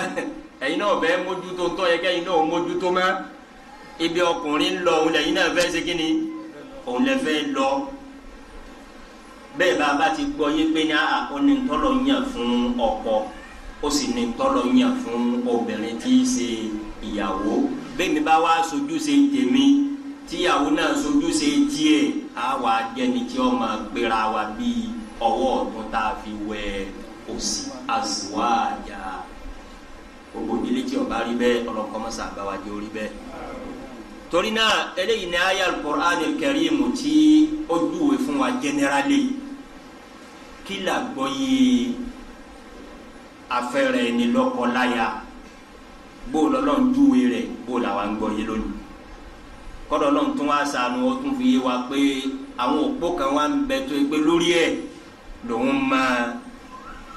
ẹ̀yin náà bẹ́ẹ̀ mójútó tọ́ yẹ kẹ́yin náà mójútó mọ́ ibi ọkùnrin lọ òun lẹ́yìn náà fẹ́ ṣe kínni òun lẹ́ fẹ́ lọ bẹ́ẹ̀ bá a bá ti gbọ́ yé pé ní onítọ́lọ̀ yàn fún ọkọ ó sì ní tọ́lọ̀ yàn fún obìnrin tí í ṣe ìyàwó bẹ́ẹ̀ mi bá wá sojú ṣe tèmi tíyàwó náà sojú ṣe tiẹ̀ á wà jẹni tí ọmọ gbéra wa bíi ọwọ́ ọ̀tún tá a fi wẹ òsì azuwájà gbogbo ilé tí ọba rí bẹ́ẹ̀ ọlọ́kọ́mọ́sá àbáwájú orí bẹ́ẹ̀ torí náà eléyìí ni aya alukur'an karim tí ó júwe fún wa jẹnẹrali kí làgbọ́ yìí afẹ́rẹ́ ni lọ́kọ láya bó lọ́lọ́run júwe rẹ̀ bó làwa ń gbọ́ yé lónìí kọ́dọ̀ lọ́run tún wá sànù ó tún fi yé wa pé àwọn òpó kan wá ń bẹ tó pé lórí ẹ̀ lòun máa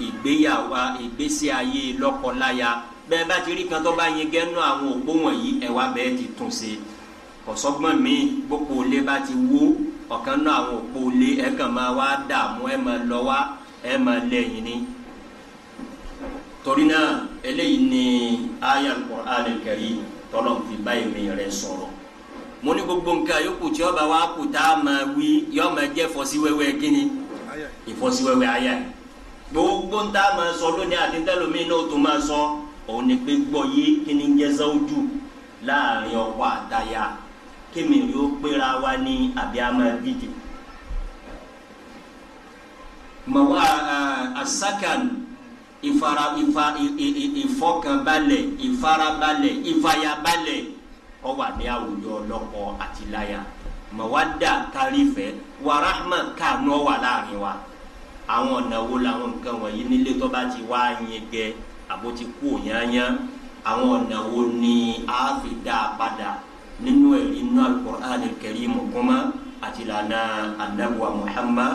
ìgbéyàwó ìgbésí ayé lọ́kọláya bẹ́ẹ̀ bá ti rí kan tó bá yin gẹ́nu àwọn òpó wọ̀nyí ẹ̀wà bẹ́ẹ̀ ti tún ṣe kọ̀sọ́gbọ́n mi gbogbo ilé bá ti wó ọ̀kan náà àwọn òpó ilé ẹ̀ máa wá dààmú ẹ̀ máa lọ wá ẹ̀ máa lẹ́yìn ni torina náà eléyìí ni aya al-Qur'an al-Karim tọ́lọ̀ fi báyìí mi rẹ̀ sọ̀rọ̀ mo ní gbogbo nǹkan yòókù tí ọba wa kù tá a máa wí yọ máa jẹ́ aya yìí gbogbo ń tá a máa sọ lónìí àti tẹlomi tó máa sọ òun ni pé gbọ́ yé kí ni jẹ́ záwùjú láàrin ọkọ àtaya kémi yóò péra wa ní àbí a máa bìdì. mọ̀wá asakan ìfara ìfa ìfọkànbalẹ̀ ìfarabalẹ̀ ìfayabalẹ̀ ó wà ní àwùjọ lọ́kọ àti láya mọ̀wádà kárífẹ́ wàràhàmà káànú wà láàrin wa àwọn ọ̀nà wo làwọn nǹkan wọ̀nyí nílé tó bá ti wá yẹn gẹ àbó ti kú òyányá àwọn ọ̀nà wo ni a fi dá a padà nínú ẹ̀rí inú Al-Qur'an Al-Karim àti lànà anabuwa Muhammad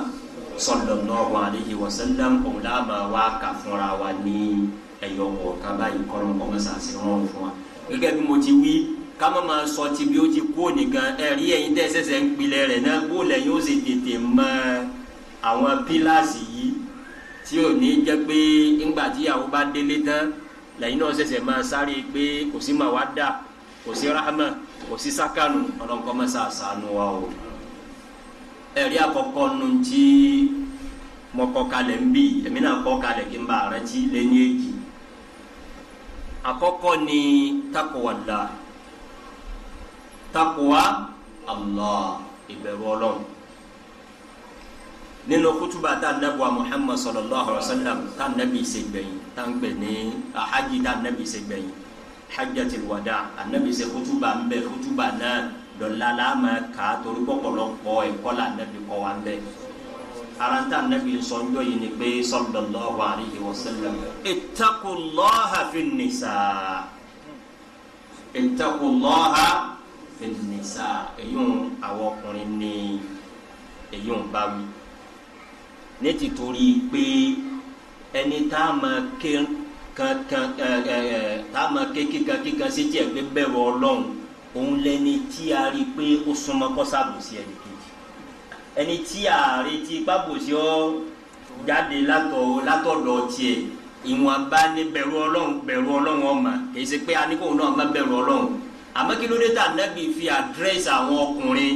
sallallahu alayhi wa sallam òun láàmà wá kà fúnra wa ní ẹ̀yọ̀ kọ̀ọ̀kan báyìí kọ́nà kọ́ mọ́sá sí wọn fún wa gẹ́gẹ́ bí mo ti wí ká má máa sọ ti bí ó ti kú nìkan ẹ̀rí ẹ̀yin tẹ́ ṣẹ̀ṣẹ̀ ń pilẹ̀ rẹ̀ náà bó lẹ́yìn ó sì tètè mọ àwọn pílàsì yìí tí ò ní jẹ́ pé ńgbà tíyàwó bá délé tán lẹ́yìn náà ṣẹ̀ṣẹ̀ máa sáré pé kò sí màwá dà kò sí rahama kò sí sakanu ọlọ́nkọ́ mọ́sá sànú wa o ẹ̀rí àkọ́kọ́ nu tí mo kọ kalẹ̀ ń bì èmi náà kọ kí n bá rẹ tí lé ní èjì àkọ́kọ́ ni takuwala takuwa Allah ìbẹ̀rù ọlọ́run nínú kutuba tá nabu wa muhammad sallallahu alaihi wa sallam tá nabi ṣe gbẹ̀yìn tá a gbẹ ní ahaji tá nabi ṣe gbẹ̀yìn hajjatil wada anabi ṣe kutuba ń bẹ kutuba náà dọ̀la la ma kà á torí kọ́kọ́lọ́kọ́ ẹ̀kọ́ la nẹ́bi kọ́ wa bẹ́ẹ̀ aranta nẹ́bi sọ́njọ́ yìí ni pé sallallahu alayhi wa sallam ittaqullaha fin nisa ittaqullaha fin nisa èyí àwọn ọkùnrin ní èyí bá wí ní ti torí pé ẹni tá a ma ké kankan tá a ma ké kíkan kíkan sí tiẹ̀ gbé bẹ́ẹ̀ wọ ọlọ́run òun lẹni tí a rí i pé ó súnmọ́ kọ́sàbòsí ẹni kejì ẹni tí a retí pábòsí ọ jáde látọ̀dọ̀ tiẹ̀ ìwọ̀nba ní bẹ̀rù ọlọ́run bẹ̀rù ọlọ́run ọmọ kì í ṣe pé aníkòun náà má bẹ̀rù ọlọ́run àmọ́ kí ló dé tà nẹ́bí fi àdírẹ́sì àwọn ọkùnrin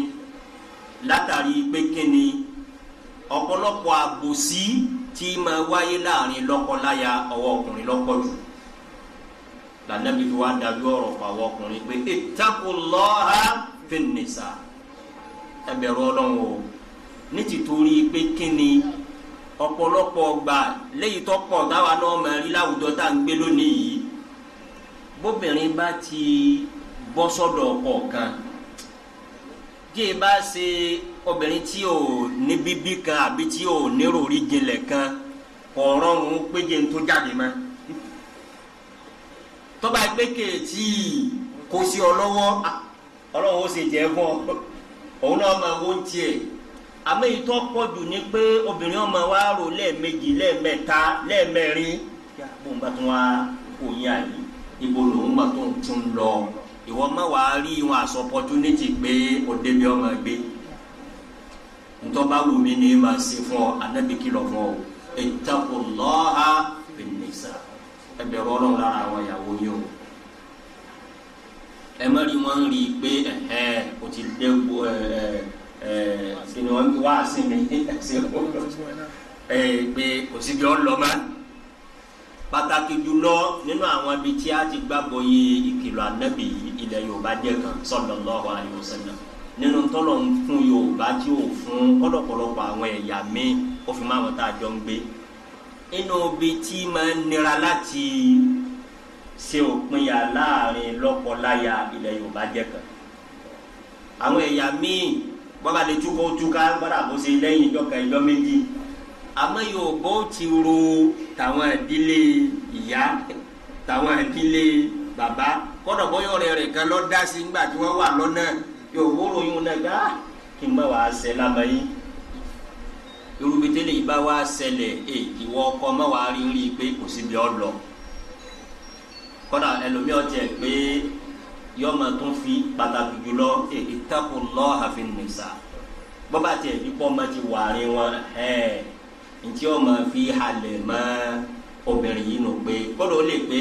látàrí pé kíni ọ̀pọ̀lọpọ̀ àbòsí tí máa wáyé láàrin lọ́kọláya ọwọ́ ọkùnrin lọ́pọ̀ jù lànàbí fi wá dájú ọ̀rọ̀ pa àwọn ọkùnrin pé ìtakùlọ́ha fìnnìṣà ẹbẹ̀rù ọlọ́run o ní ti torí pé kíni ọ̀pọ̀lọpọ̀ gbà léyìí tó pọ̀ táwa náà mọ̀ rí láwùjọ tá à ń gbé lónìí yìí bóbìnrin bá ti bọ́ sọ́dọ̀ ọ̀kan kí ẹ bá ṣe obìnrin tí ò ní bíbí kan àbí tí ò ní ròrí jinlẹ̀ kan kọ̀ ọ̀rọ̀ òun péje ń tó jáde mọ́ tọ́ba pé kéètì kò sí ọ lọ́wọ́ ọlọ́wọ́ ó ṣe jẹ́ fún ọ òun náà máa wó ń tiẹ̀ àmọ́ ìtọ́ pọ̀jù ni pé obìnrin ọmọ wa rò lẹ́ẹ̀mejì lẹ́ẹ̀mẹ́ta lẹ́ẹ̀mẹ́rin bóun bá tún wá kò yín àyè ibo lòun bá tún tún lọ ìwọ má wàá rí ìwọn àṣọ opportunity pé òdebi ọmọ gbé ntọ́ba wù mí ni màá ṣe fún ọ anábìkí lọ fún ọ ittaqullaha bin nisa ẹ bẹ̀rù Ọlọ́run lára àwọn ìyàwó yìí o ẹ má rí wọn rí i pé ẹ ẹ o ti dé gbó ẹ ẹ kí ni wọn wá sí mi ẹ ṣe o ẹ pé kò sí bí ọ lọ mọ pàtàkì jùlọ nínú àwọn ibi tí a ti gbàgbọ́ yé ìkìlọ̀ ànábì ilẹ̀ Yorùbá jẹ́ kan sallallahu alaihi wasallam nínú tọ́lọ̀ ń fún Yorùbá tí ò fún kọ́lọ̀kọ́lọ̀pọ̀ àwọn ẹ̀yà míì ó fi máa wọn tá a jọ ń gbé inú ibi tí máa ń nira láti ṣe òpinya láàrin lọ́kọláya ilẹ̀ Yorùbá jẹ́ kan àwọn ẹ̀yà míì bọ́ba lè túkọ̀ túká gbọ́dọ̀ àbóse lẹ́yìn ìjọ kan ìjọ méjì àmọ́ Yorùbá ó ti ro tàwọn ìdílé ìyá tàwọn ìdílé bàbá kọ́dọ̀ bọ́yọ̀ rẹ̀ rẹ̀ kan lọ́ọ́ dá sí nígbà tí wọ́n wà lọ́nà Yorùbá ó ròyìn náà gbá ah, kí n bá wàá ṣe lábẹ́yìn. irúbitẹ́lẹ̀ yìí bá wá ṣẹlẹ̀ ẹ ìwọ ọkọ mọ́ wàá rí rí pé kò ọ lọ ẹlòmíọ́ fi pàtàkì jùlọ ẹ ìtàkùnlọ́ àfi nìsa bọ́bá tiẹ̀ fi pọ́ ọmọ ti wàárín wọn ẹ ntí ọmọ fi halẹ̀ mọ́ obìnrin yìí nù pé kọ́dà ó lè pé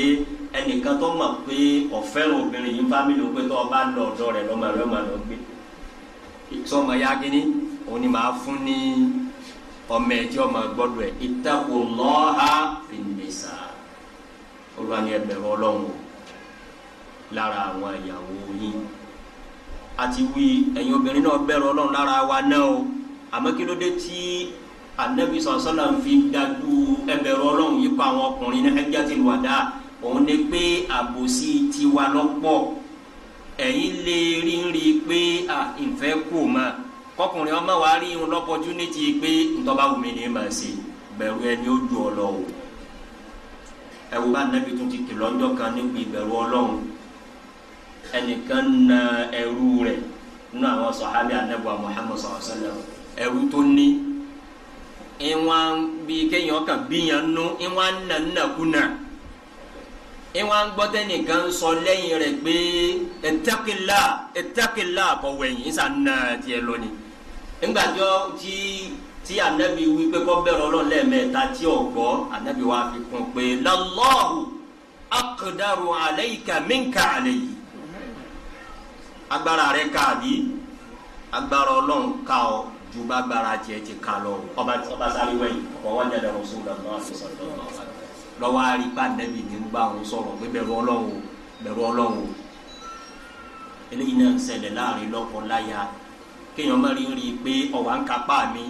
ẹnìkan tó mọ̀ pé ọ̀fẹ́ràn obìnrin yìí lọ ọ̀dọ́ rẹ̀ lọ́mọ rẹ̀ ọmọ gbé sọmọ fún ní. ọmọ ẹjẹ ọmọ gbọ́dọ̀ ẹ ìtàkù lọha fìnnìṣà olùwàní ẹbẹrẹ Ọlọ́run o lára àwọn ìyàwó yín àti wí ẹ̀yin obìnrin náà bẹ̀rù Ọlọ́run lára wa náà o àmọ́ kí ló dé tí anabi sọsọlá fi dájú ẹbẹrẹ Ọlọ́run yìí pa àwọn ọkùnrin náà ẹjẹ ti wà dáa òun ni pé àbòsí tiwa lọ́pọ̀ ẹ̀yin lè rí rí pé à ìfẹ́ máa. kọkùnrin ọmọ wa rí irun lọ́pọ̀tunítì pé ntọ́ba wù ni bẹ̀rù ẹni ó ju ọ lọ o ẹ bá nàbí tún ti kìlọ̀ kan níbi ìbẹ̀rù ọlọ́run ẹnìkan na ẹrú rẹ̀ nínú àwọn sọ̀hábì anábọ̀ Muhammad tó ní kéèyàn kan bíyàn ìwọ̀n à ń gbọ́ tẹ́nìkan sọ lẹ́yìn rẹ̀ pé ẹ̀tẹ́kìlá ẹ̀tẹ́kìlá kọ̀ wẹ̀yìn ìsànà tiẹ̀ lọ ni ńgbàjọ́ tí tí anabi wí pé kọ́ bẹ̀rù ọlọ́run lẹ́ẹ̀mẹ́ta tí ò gbọ́ anabi wa fi kún pé lallahu aqdaru alayka minka alayhi agbára rẹ káàbí agbára ọlọ́run ká ọ ju bá agbára tiẹ̀ ti ká lọ ọba sáré wẹ̀yìn ọba wájà lẹ́rọ̀ sóòlù ọba sọ̀rọ̀ lọ́wọ́ lọ́wọ́ àríkpá nẹ́bí ní gbà wọn sọ̀rọ̀ pé bẹ̀rù ọlọ́run o bẹ̀rù ọlọ́run o eléyìí náà ń ṣẹlẹ̀ láàrin lọ́kọ láya kéèyàn má rí rí i pé ọ̀wá ń kápá mi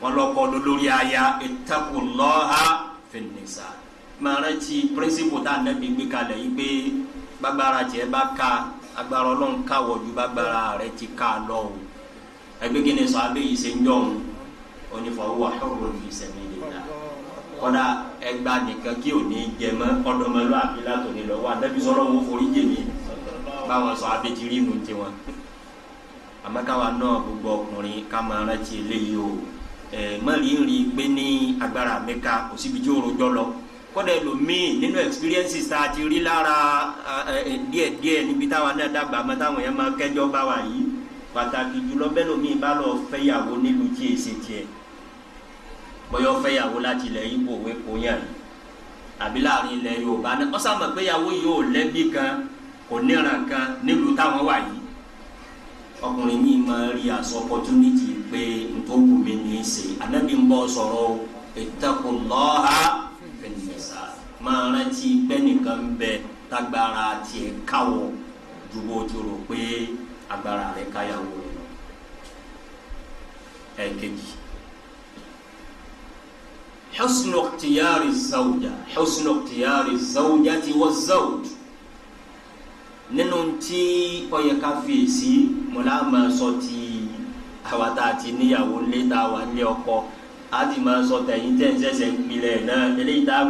wọn lọ́kọ lólórí aya ittaqullaha fin nisa máa rántí pírísìpù tá a gbé kalẹ̀ yìí pé bágbára tiẹ̀ bá ka agbára ọlọ́run káwọ̀ ju bágbára rẹ̀ ti ká lọ ẹgbẹ́ kí ni sọ abéyìí ṣe ń jọ̀ òun onífọwọ́ àhọ́rọ̀ ìṣẹ̀mí kọ́dà ẹgbà nìkan kí ò ní jẹ mọ́ ọ̀dọ́mọlú àbílà tó ní lọ́wọ́ ànábì sọ́lọ́ forí jè mí báwọn sọ abẹ́tí rí inú tiwọn àmọ́ káwa náà gbogbo ọkùnrin ká máa rántí eléyìí o ẹ̀ mọ́rin rí ní agbára mi ka kò lọ kọ́dà ẹlòmíì nínú experiences tá ti rí lára díẹ̀díẹ̀ níbi táwa náà dàgbà mọ́ táwọn yẹn máa kẹ́jọ́ bá yìí pàtàkì jùlọ bẹ́ẹ̀ lómi bá nílùú tí èsì tiẹ̀ bóyá fẹ́yàwó láti ilẹ̀ ibo òwe kò yàn àbí láàrin ilẹ̀ yorùbá náà ọ̀sán mọ̀ pé yàwó yìí ò lẹ́bí kan kò níran kan nílùú táwọn wà yìí ọkùnrin yìí máa rí as opportunity pé ntòkù mi ní í ṣe anábì ń bọ́ sọ̀rọ̀ ittaqullaha fin-nisa máa rántí pẹ́nìkan bẹ tágbára tiẹ̀ káwọ̀ ju bó ti rò pé agbára rẹ̀ káyàwó rẹ̀ lọ ẹ̀ẹ́dẹ́gì. حسن اختيار الزوجة حسن اختيار الزوجة والزوج ننتي tí ó yẹ ká fèsì mọ̀lá máa sọ ti àwa tá a ti níyàwó lé tá a wà lé ọkọ a ti máa sọ tẹ̀yìn tẹ̀ ń ṣẹ̀ṣẹ̀ ń pilẹ̀ náà eléyìí tá a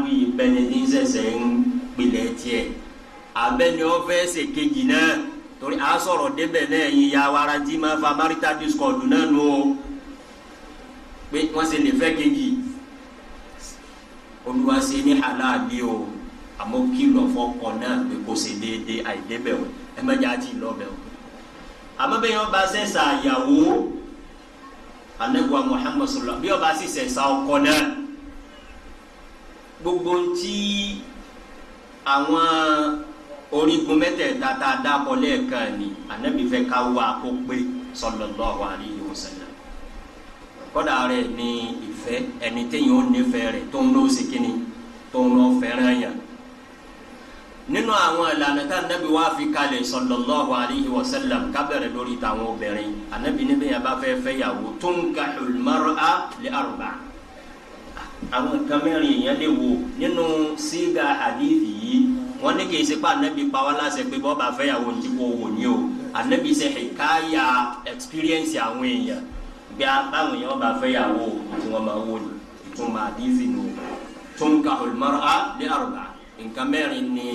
wí ya wara tí máa fa marital discord náà o pé wọ́n ṣe lè fẹ́ kejì olúwa ṣe ní aláàbí o àmọ́ kìlọ̀ fọkọ náà pé kò ṣe déédéé àìdébẹ̀ o ẹ mẹ́jọ á ti lọ bẹ̀ o. àmọ́ bẹ́ẹ̀ yẹn ọba ṣẹ̀ṣà àyàwó anagba muhammed sọlọ bí ọba sì ṣẹ̀ṣà ọkọ náà gbogbo ntí àwọn orígun mẹ́tẹ̀ẹ̀ta tá a dábọ̀ lẹ́ẹ̀kan ni anabi fẹ́ ká wá kó pé sallallahu alaihi wasallam kọ́dà rẹ̀ ní fẹ́ ẹni téyìn ó nífẹ̀ẹ́ rẹ̀ tó ń lọ sí kínní tó ń lọ fẹ́ràn yàn nínú àwọn ìlànà tá anabi wá fi kalẹ̀ sallallahu alayhi wa sallam kábẹ̀rẹ̀ lórí tàwọn obìnrin anabi níbi yẹn bá fẹ́ fẹ́ yàwó tunkahul mar'a li arba àwọn nǹkan mẹ́rin yẹn lè wò nínú síga hadithi yìí wọ́n ní kì í ṣe pé anabi pa wá láṣẹ pé bọ́ọ̀ bá fẹ́ yàwó ní kò wò ní o anabi ṣe hikaya experience àwọn èèyàn bí a báwọn èèyàn bá fẹ́ yàwó tí wọ́n máa wò ní ìtumọ̀ àdìsí nù túnkà olùmọ́ra lé àrùbá nǹkan mẹ́rin ni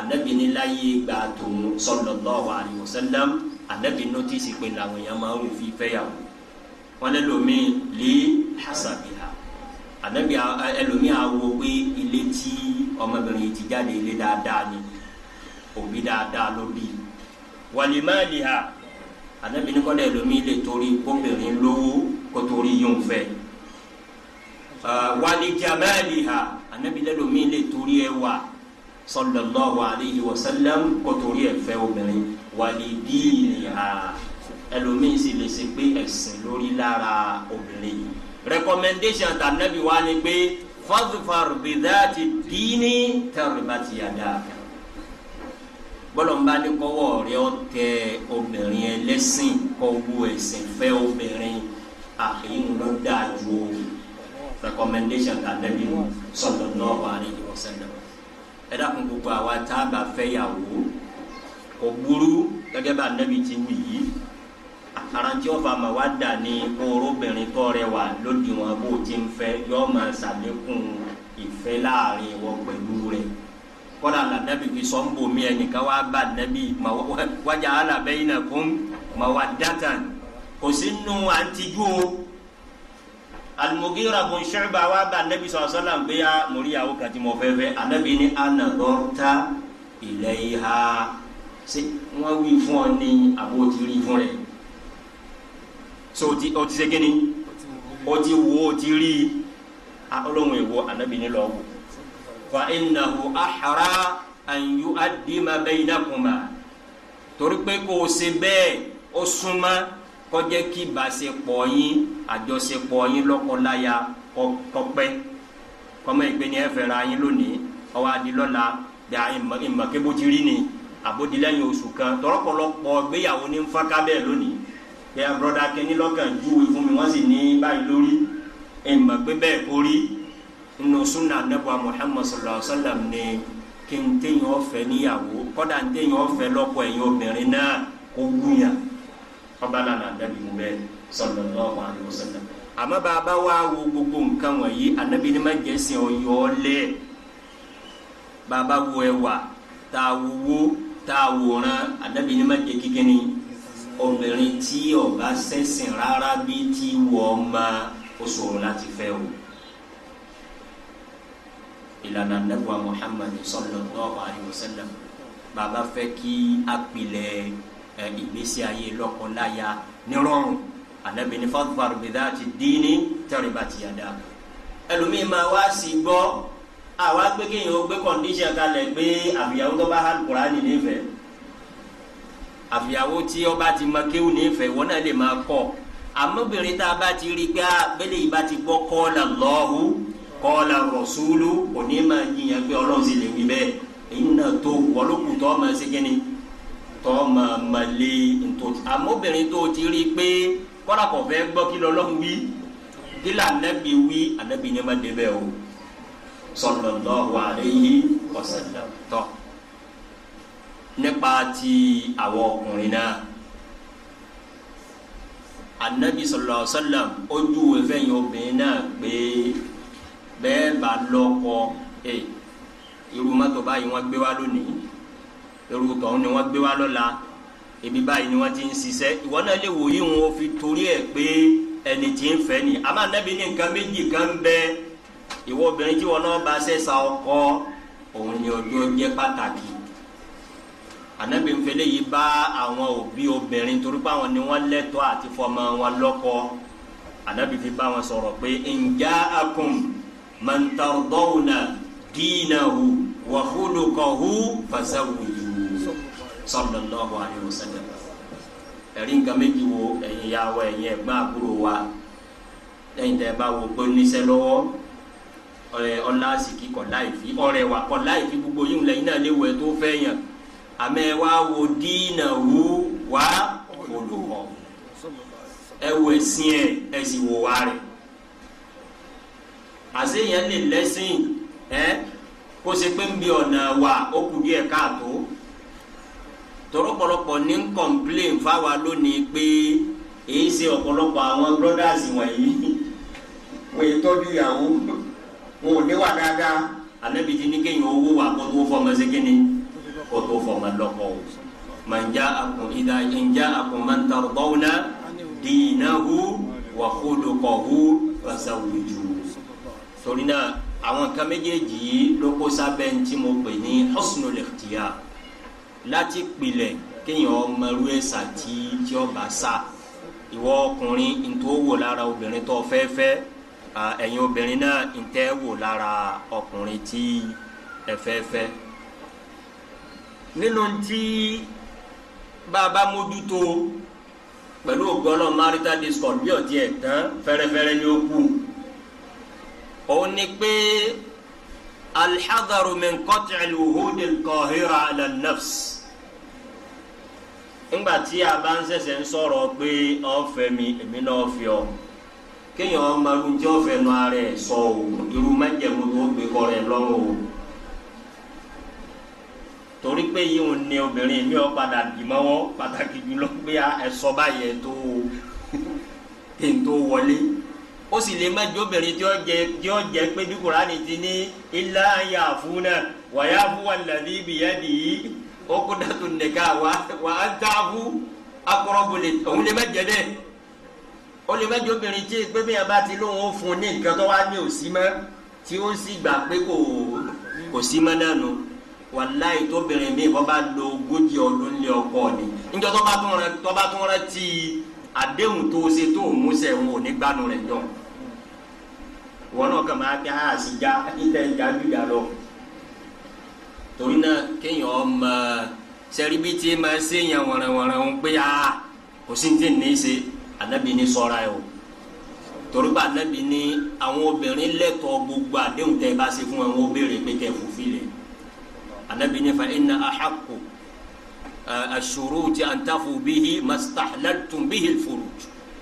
anábìníláyé gba tòun sallallahu alaihi wasallam anábì nọ́tìsì pé làwọn èèyàn máa ń fi fẹ́ yàwó wọn lé lomi lé hasabiha anábì ẹlòmí àwo pé ilé tí ọmọbìnrin yìí ti jáde ilé dáadáa ni òbí dáadáa ló bí wàlímàlìhà anabi ní kọ́dà ẹlòmí lè torí kóbìnrin lówó kó torí yóò fẹ́ wàlí jamaliha anabi lẹ́lòmí lè torí ẹwà sallallahu alayhi wa sallam kó torí ẹ̀fẹ́ obìnrin wàlí díìnìha si sì lè ṣe pé ẹ̀sìn lórí lára obìnrin recommendation tàbí nàbí wa ni pé fadfar bidhati dini tarbat yadaka bọ́lọ̀mbá ni kọ́wọ́ rẹ ọ tẹ obìnrin ẹlẹ́sìn kọ́wọ́ ẹ̀sìn fẹ́ obìnrin àkíyìn ló dáa ju recommendation tàbí sọ̀dọ̀ náà wà ní ìwọ̀sẹ̀dọ̀ ẹ dákun gbogbo àwa tá a bá fẹ́ yàwó kò burú gẹ́gẹ́ bá anabi ti wù yìí àràǹtí ọ̀fà mà wá dà ní orobìnrin tọ́ rẹ wà lódiwọ̀n bó ti ń fẹ́ yọ́ máa ṣàlékún ìfẹ́ láàrin ìwọ pẹ̀lú rẹ̀ kọ́ra lànàbí fi sọ́n bò mí ẹnìkan wá bá nàbí wájà alábẹ́yìn náà kún ma dátà kò sí nù àǹtíjú o almugira bun shu'ba wá bá nàbí sọ̀rọ̀ sọ́lá ń gbéya ah, mòríyàwó kàti mọ̀ fẹ́fẹ́ ànàbí ni ana lọ́ta ilẹ̀ ìhà ṣe wọ́n wí fún ọ ní àbótiri fún rẹ̀ so o ti ṣe kí ni o ti wo o ti rí ah, ọlọ́run èwo ànàbí ni lọ́wọ́ fa innahu ahra an yu'addima baynakuma torí pé kò ṣe bẹ́ẹ̀ ó súnmọ́ kó jẹ́ kí ìbáṣepọ̀ yín àjọṣepọ̀ yín lọ́kọláya kọ́pẹ́ kọ́mọ ìpè ní ẹ̀fẹ̀ ra yín lónìí ọwọ́ adilọ́la dà ìmọ̀kébó ti rí ni àbódilẹ́yìn oṣù kan tọ́rọ́pọ̀lọpọ̀ gbéyàwó ní nfaka bẹ́ẹ̀ lónìí bẹ́ẹ̀ broda kẹ́ni lọ́kàn ju ìfún wọ́n sì ní báyìí lórí ìmọ̀ pé bẹ́ẹ̀ kórìí nínú sunna anabuwa muhammad sallallahu alaihi wa sallam ni kí n téèyàn ọ̀fẹ́ níyàwó kọ́dà n téèyàn ọ̀fẹ́ lọ́kọ ẹ̀yìn obìnrin náà kó wúyà ọba lànà anabi mu bẹ́ẹ̀ sallallahu alaihi wa sallam àmọ́ bàbá wa wo gbogbo nǹkan wọ̀nyí anabi ni ma jẹ́ sìn ọ̀yọ́ lẹ̀ bàbá wo ẹwà tá a wúwo tá a wòran anabi ni ma jẹ́ kíkẹ́ni obìnrin tí ọba sẹ́sìn rárá bí ti wọ́ ọ ma oṣù ọ̀la ti fẹ́ o ìlànà nẹ́bùà Muhammad sallallahu alaihi wasallam bàbá fẹ́ kí apilẹ̀ ìgbésí ayé lọ́kọláya nírọ̀rùn ànábì ní fadfar bidhati dini taribati yada ẹlòmíì máa wá sí gbọ́ àwa pé kéèyàn ó gbé kọ́ndíṣàn kalẹ̀ gbé àbíyàwó tó bá hàlùkùrá nì nífẹ̀ẹ́ àbíyàwó tí ọba ti mọ kéwù nífẹ̀ẹ́ wọn náà lè máa kọ́ àmọ́bìnrin tá a bá ti rí pé abẹ́lẹ̀ ah, yìí ti gbọ́ qala Allahu kọ́lá rọ̀ṣúlù kò ní máa jiyàn pé ọlọ́run sì lè wí bẹ́ẹ̀ èyí náà tó wọlókùn tó máa ṣe kíni tó máa máa lé ntòjú. àmóbìnrin tó ti rí i pé kọ́lá kò fẹ́ gbọ́ kí lọ́lọ́run wí kí lànàbí wí ànàbí ni ẹ má débẹ̀ o sallallahu alayhi wa sallam tọ́ nípa ti àwọn ọkùnrin náà ànàbí sallallahu sallam ojú ìfẹ́ yẹn obìnrin náà pé bẹ́ẹ̀ bá lọ́kọ ee irú mọ́tò báyìí wọ́n gbé wá lónìí irú tọ̀hún ni wọ́n gbé wá lọ́la ibi báyìí ni wọ́n ti ń ṣiṣẹ́ ìwọ náà lè wòye wọn fi torí ẹ̀ pé ẹni tí ń fẹ́ ni àmọ́ anábì ní nǹkan méjì kan bẹ ìwọ obìnrin tí wọn náà bá ṣẹ̀ṣà ọkọ òun ni ọjọ́ jẹ́ pàtàkì anábì ń fẹlẹ́ yìí bá àwọn òbí obìnrin torí pé àwọn ni wọ́n lẹ́tọ̀ọ́ àti fọmọ wọn lọ́kọ anábì fi bá wọn sọ̀rọ̀ pé ǹjẹ́ akùn. من ترضون دينه وخلقه khuluquhu fasawwiju الله عليه وسلم. sallam ẹ̀rí nǹkan méjì wo ẹ̀yin ya wa ẹ̀yin ẹ̀gbọ́n àbúrò wa lẹ́yìn tẹ́ ẹ bá wo pé oníṣẹ́ lọ́wọ́ ọ̀rẹ́ ọ̀làsìkì kọ̀ láìfi ọ̀rẹ́ wa kọ̀ láìfi gbogbo yìí lẹ́yìn náà léwu ẹ̀ tó fẹ́ yàn àmẹ́ wa wo dinahu wa olùkọ́ ẹ wo ẹ̀sìn ẹ̀ ẹ̀sìn wò wa rẹ̀ àṣeyàn lè lẹ́sìn ẹ kó ṣe pé ń bi ọ̀nà wà ó kù díẹ̀ káàtó tọ́rọ̀pọ̀lọpọ̀ ní ń kọ̀ǹpilẹ̀n fáwa lónìí pé èyí ṣe ọ̀pọ̀lọpọ̀ àwọn brothers wọ̀nyí wọ́n yìí tọ́jú ìyàwó wọn ò níwà dáadáa alẹ́bi ti ní kéèyàn owó wà kó tó fọmọ sí kínní kó tó fọmọ lọ́kọ o màá ń já akùn ìdá ń já akùn máa ń tarọ̀ bọ́wọ́ná dìínàhù wà kó lókọ̀ hù fàṣàwùjù torí náà àwọn nǹkan méjèèjì yìí ló kó sábẹ́ ń tí mo pè ní husnul ikhtiyar láti pilẹ̀ kéèyàn ọmọlú ẹ̀sà tí tí ó bá sá ìwọ ọkùnrin ntọ́ wò lára obìnrin tó fẹ́ fẹ́ ẹ̀yin obìnrin náà ntẹ́ wò lára ọkùnrin tí ẹ fẹ́ fẹ́ nínú tí bàbá mójútó pẹ̀lú ògbọ́nà marital discord bí ọ̀tí ẹ̀ tán fẹ́rẹ́fẹ́rẹ́ ni ó kù òun ni pé alḥadaru min qat'i al-wuhud al-qahira ala nafs ńgbà tí a bá ń ṣẹ̀ṣẹ̀ ń sọ̀rọ̀ pé ọ̀fẹ́ mi èmi náà fi ọ́ kéèyàn ọmọ ọdún tí ọ̀fẹ́ nu ara ẹ̀ sọ o irú májẹ̀mú tó gbé kọ́ rẹ̀ lọ́rùn o torí pé yíò ní obìnrin mi ò padà dìmọ́wọ́ pàtàkì jùlọ pé ẹ̀sọ́ báyẹn tó kí n tó wọlé ó sì lè má jóbìnrin tí ó jẹ tí ó jẹ pé bí Kùránì ti ní ilá ayé àfúnà wàyà wa nàbí bìyàdì yìí ó kó dàtú nìka wà wà á dáhù akọrọbọlẹ òun lè má jẹ dẹ ó lè má jóbìnrin tí pé bí yẹn bá ti lóun ó fún ní nǹkan tó wá ní òsì mọ́ tí ó sì gbà pé kò kò sí mọ́ náà nù wàláyé tóbìnrin mi bọ́ bá lo ogójì ọdún lé ọkọ ni níjọ́ tó bá tún rántí àdéhùn tó ṣe tó múṣẹ wọn ò ní gbanu rẹ jọ wọn náà kàn máa kí á ah, já ilẹ̀ ìjà gbígbà lọ torí náà kéèyàn ọmọ sẹ́ríbí máa ń wọ̀rẹ̀wọ̀rẹ̀ ń pé a ah, kò sí ti ní ṣe ànábì ní sọ́ra ẹ̀ o torí pé ànábì ní àwọn obìnrin lẹ́tọ̀ọ́ gbogbo àdéhùn tẹ́ ẹ bá ṣe fún wọn wọ́n béèrè pé kẹ́ ẹ fòfin lẹ̀ ànábì ní fa ẹ̀ na àhàkù. الشروط أن تفوا به ما استحللتم به الفروج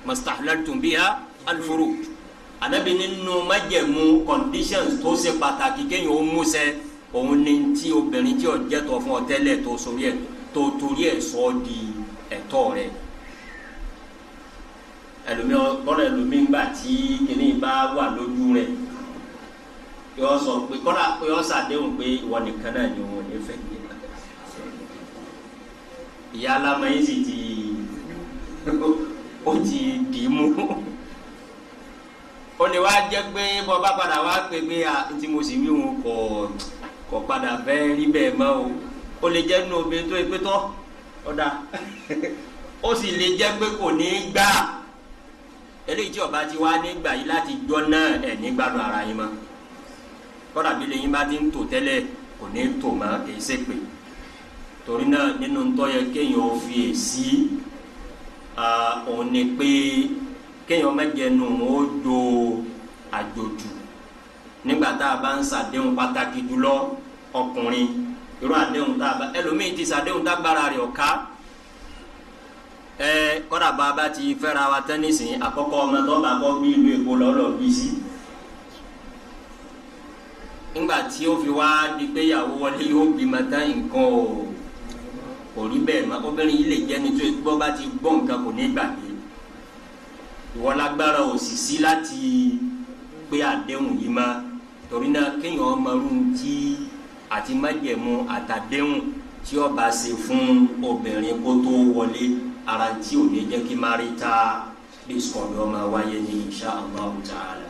ما استحللتم بها الفروج anabi nínú májẹ̀mú conditions tó ṣe pàtàkì kéèyàn ó múṣẹ òun ni ti obìnrin tí ó jẹ́tọ̀ fún ọ tẹ́lẹ̀ tó sórí ẹ̀ tó torí ẹ̀ sọ ọ́ di ẹ̀tọ́ rẹ̀ ẹlòmíràn kọ́nà ẹlòmíín gbà tí kìnnìún bá wà lójú rẹ̀ yọ sọ pé kọ́nà yọ sàdéhùn pé ìwọ nìkan náà ni òun ò ní fẹ́ ìyá alámọ yìí si ti ó ti dì í mú ó ní wá jẹ́ pé bọba padà wá pé pé tí mo sì wí wọn kọ kọ padà fẹ́ rí bẹ́ẹ̀ mọ́ o ó lè jẹ́ nínú obìnrin tó yẹ pé tọ́ ọ̀dà ó sì lè jẹ́ pé kò ní í gbà eléyìí tí ọba ti wá nígbà yìí láti jọ náà ẹ̀ nígbàdùn ara yín mọ́ kọ́dà bí lẹ́yìn bá ti ń tò tẹ́lẹ̀ kò ní í tò mọ́ èyí ṣépè torí náà nínú tọ́ yẹ kéèyàn ò fi èsì òun ni pé do àjòjù nígbà tá a bá ń ṣàdéhùn pàtàkì jùlọ ọkùnrin irú àdéhùn tá a bá ẹlòmíì ti ṣàdéhùn tágbára rẹ̀ ọ̀ká ẹ kọ́dà bá a bá ti fẹ́ra wa tẹ́nísì àkọ́kọ́ ọmọ tó bá kọ́ bí ìlú èkó lọ́lọ́ bí sí nígbà tí di pé ìyàwó wọlé yóò bímọ tán nǹkan kò rí bẹ́ẹ̀ má yìí lè jẹ́ ni tó gbọ́ bá ti gbọ́ nǹkan kò ní gbàgbé ìwọ lágbára òsìsí láti pé àdéhùn yìí má torí náà kéèyàn ọmọ ọdún tí àti májẹ̀mú àtàdéhùn tí ó bá ṣe fún obìnrin kó tó wọlé ara tí ò ní jẹ́ kí máríta discord ọmọ wáyé ní insha Allah ta'ala.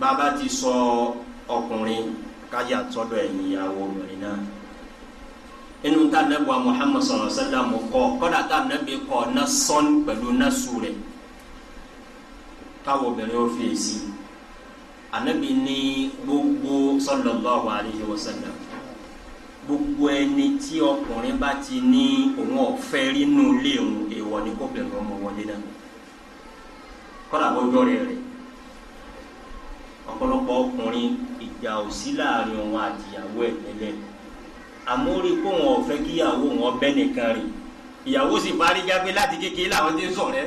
bàbá ti sọ ọkùnrin. So, káyà tọ́dọ̀ ẹ̀yìn ìyàwó obìnrin náà inú ta nẹ́bùa Muhammad sọ̀rọ̀ sẹ́lẹ̀ mọ̀ kọ́ kọ́dà tá nẹ́bi kọ́ ná sọ́n pẹ̀lú ná sùn rẹ̀ káwọ obìnrin ó fi èsì anabi ní gbogbo sallallahu alaihi wasallam gbogbo ẹni tí ọkùnrin bá ti ní òun ọ̀fẹ́ rínú ilé òun èèwọ̀ ni kó bẹ̀rẹ̀ ọmọ wọlé náà kọ́dà bọ́jọ́ rẹ̀ rẹ̀ ọ̀pọ̀lọpọ̀ ọkùnrin ìjà ò sí láàrin òun àtìyàwó ẹ̀ tẹ́lẹ̀ àmọ́ ó rí i pé òun ọ̀fẹ́ kíyàwó òun ọbẹ̀ nìkan rìn ìyàwó sì parí jágbé láti kékeré làwọn ti ń sọ rẹ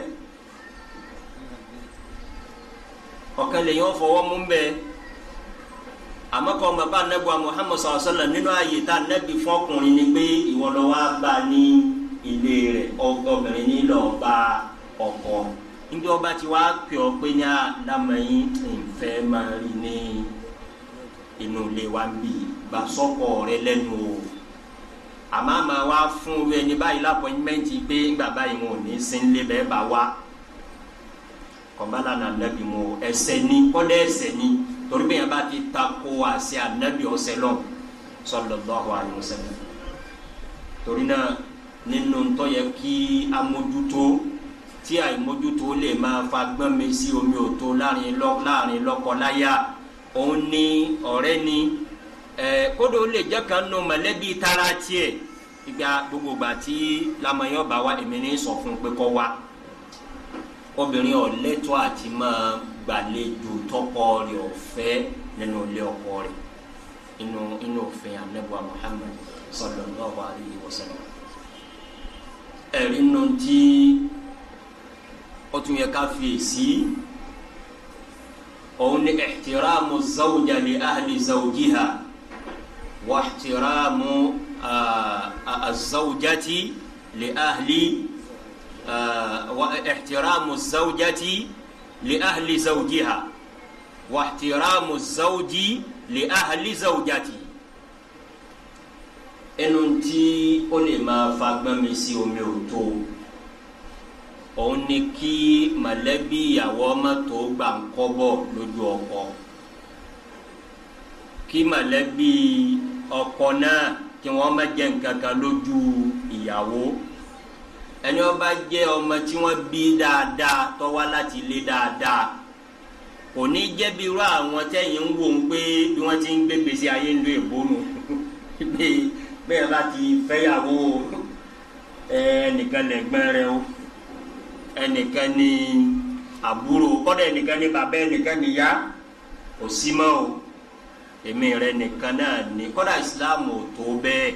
ọ̀kan lèyìn ọ̀fọwọ́ mú bẹ́ẹ̀ àmọ́kọ́ ọmọ bá nẹ́gbọ́ Muhammad sallallahu nínú ààyè tá nẹ́bi fún ọkùnrin ni pé ìwọ lọ ní ilé rẹ̀ obìnrin ní lọ́ọ́ bá ọkọ níbi ọba tí wàá pè ọ pé ní àdámẹ́yìn ìfẹ́ máa rí ní inú ilé wa ń bì bá sọ́kọ̀ rẹ lẹ́nu o àmọ́ àmọ́ wa fún wẹ́ ní báyìí lápọ́ìmẹ́ǹtì pé ńgbà báyìí wọn ò ní sí ń lé bá wa kọ̀bálà nà nàbì mu ẹsẹ̀ ni kọ́dẹ̀ ẹsẹ̀ ni torí bẹ́ẹ̀ bá ti ta àṣẹ ànábì ọ̀sẹ̀ lọ sallallahu alaihi wasallam torí náà nínú ntọ́ yẹ kí amójútó tí àìmójútó lè máa fa gbọ́nmi sí omi òtó láàrin lọ́kọ-láya òun ni ọ̀rẹ́ ni ẹ̀ kódò lè jẹ́ kan nù mọ̀lẹ́bí tara tiẹ̀ ìgbà gbogbo ìgbà tí lamọ̀yọ́ wa èmi ní sọ fún pé kọ́ wa obìnrin ọ̀lẹ́tọ̀ àti máa gbàlejò tọkọ rẹ̀ ọ̀fẹ́ nínú ilé ọkọ rẹ̀ inú inú òfin anabuwa Muhammad sallallahu alaihi wasallam ẹ̀rí nù tí ó tún yẹ ká fèsì òun ni ihtiramu zawja li ahli zawjiha wa ihtiramu azawjati li ahli wa ihtiramu zawjati li ahli zawjiha wa ihtiramu zawji li ahli zawjati ẹnu tí ó lè máa fagbọ́n mi sí omi ò tó o òun ni kí mọ̀lẹ́bí ìyàwó ọmọ tó gbà ń kọ́bọ̀ lójú ọkọ kí mọ̀lẹ́bí ọkọ náà kí wọ́n má jẹ nǹkan kan lójú ìyàwó ẹni wọ́n bá jẹ́ ọmọ tí wọ́n bí dáadáa tó wá láti ilé dáadáa kò ní jẹ́ bí irú àwọn tẹ́yìn ń wò ń pé bí wọ́n ti ń gbé gbèsè ayé ń lo ìbónú bẹ́ẹ̀ bá ti fẹ́yàwó ẹnìkan o ẹnìkan ní àbúrò kọ́dọ̀ ẹnìkan ní bàbá ẹnìkan níyà kò sí mọ́ o èmi rẹ nìkan náà ní kọ́dọ̀ ìsìláàmù ò tó bẹ́ẹ̀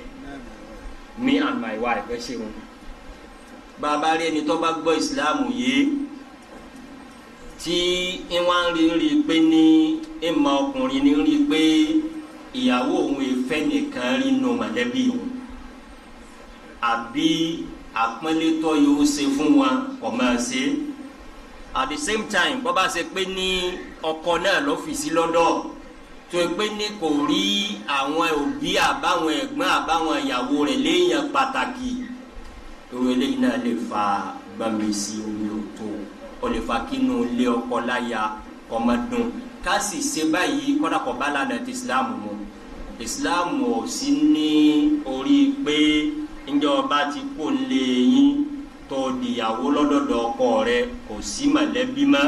me and my wife ẹ ṣeun bàbá rí ẹni tó bá gbọ́ ìsìláàmù yìí tí wọ́n rí rí pé ní ìmọ̀ ọkùnrin ní rí pé ìyàwó òun ìfẹ́ nìkan rí nu mọ̀lẹ́bí òun àbí àpọ́nlétọ́ yóò ṣe fún wa kò máa ṣe at the same time bọ́ bá ṣe pé ní ọkọ náà lọ́fíìsì lọ́dọ̀ tó pé ní kò rí àwọn òbí àbáwọn ẹ̀gbọ́n àbáwọn ìyàwó rẹ̀ léèyàn pàtàkì ìwé eléyìí náà lè fa gbàmísì omi òtó ó lè fa kínú ilé ọkọ láya ọmọ ká sì ṣe báyìí kọ́dà kọ́ bá lànà ti Islam mu Islam ò sí ní orí pé ǹjẹ́ ọba ti kó lé yín tó dìyàwó lọ́dọ̀dọ̀ ọkọ rẹ kò sí mọ̀lẹ́bí mọ́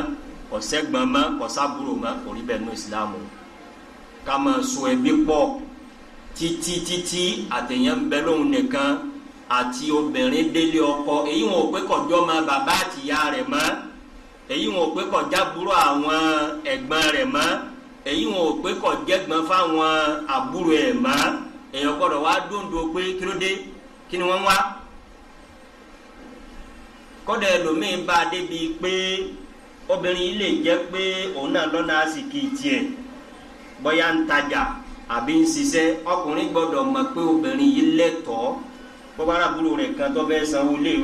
kò sẹ́gbọ̀n mọ́ kò sábúrò mọ́ kò rí bẹ́ẹ̀ nù Islam ká máa so ẹbí pọ̀ títí títí àtẹ̀yẹ́ ń bẹ lóhun nìkan àti obìnrin délé ọkọ èyí wọn ò pé kọjọ́ ma bàbá àtìyá rẹ̀ mọ́ èyí wọn ò pé kọjá burú àwọn ẹ̀gbọ́n rẹ̀ mọ́ èyí wọn ò pé kọjẹ́gbọ́n fáwọn àbúrò ẹ̀ mọ́ èèyàn gbọ́dọ̀ wá dóńdó pé kí ló dé kí ni wọ́n wá kódà ẹlòmíì bá a débi pé obìnrin yìí lè jẹ́ pé òun náà lọ́nà àsìkò tiẹ̀ bóyá ń tajà àbí ń ṣiṣẹ́ ọkùnrin gbọ́dọ̀ mọ̀ pé obìnrin yìí lẹ́tọ̀ọ́ bọ́bá àbúrò rẹ̀ kan tó sanwó rẹ̀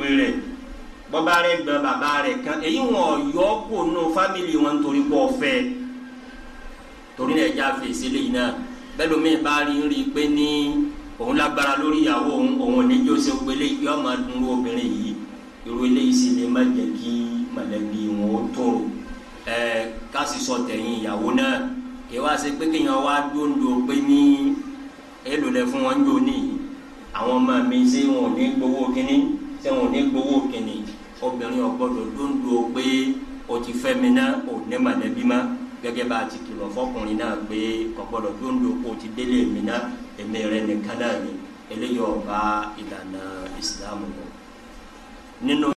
bọ́bá rẹ̀ gbọ́n bàbá rẹ̀ kan èyí wọn yọ kó nù fámìlì wọn nítorí pọ̀ fẹ́ torí náà ẹja fèsì lẹ́yìn náà bẹ́ẹ̀ rí òun lágbára lórí ìyàwó òun òun níjó ṣe gbélé yọ máa dun obìnrin yìí irú eléyìí sì lè má jẹ́ kí mọ̀lẹ́bí wọn ó tòrò ẹ ká sọ tẹ̀yìn ìyàwó náà kí wá ṣe pé kéèyàn wá dóńdó pé ní èlò lẹ fún wọn ń jò àwọn ọmọ mi ṣé wọn ò ní gbowó kínní ṣé wọn ò ní gbowó kínní obìnrin ò dóńdó pé o ti fẹ́ mi náà ò ní mọ̀lẹ́bí máa gẹ́gẹ́ bá a ti kìlọ̀ fọkùnrin náà pé ọ̀gbọ́dọ̀ tó ń dòkó ti délé mi náà èmi rẹ̀ nìkan náà ni eléyìí ọba ìlànà ìsìlámù lọ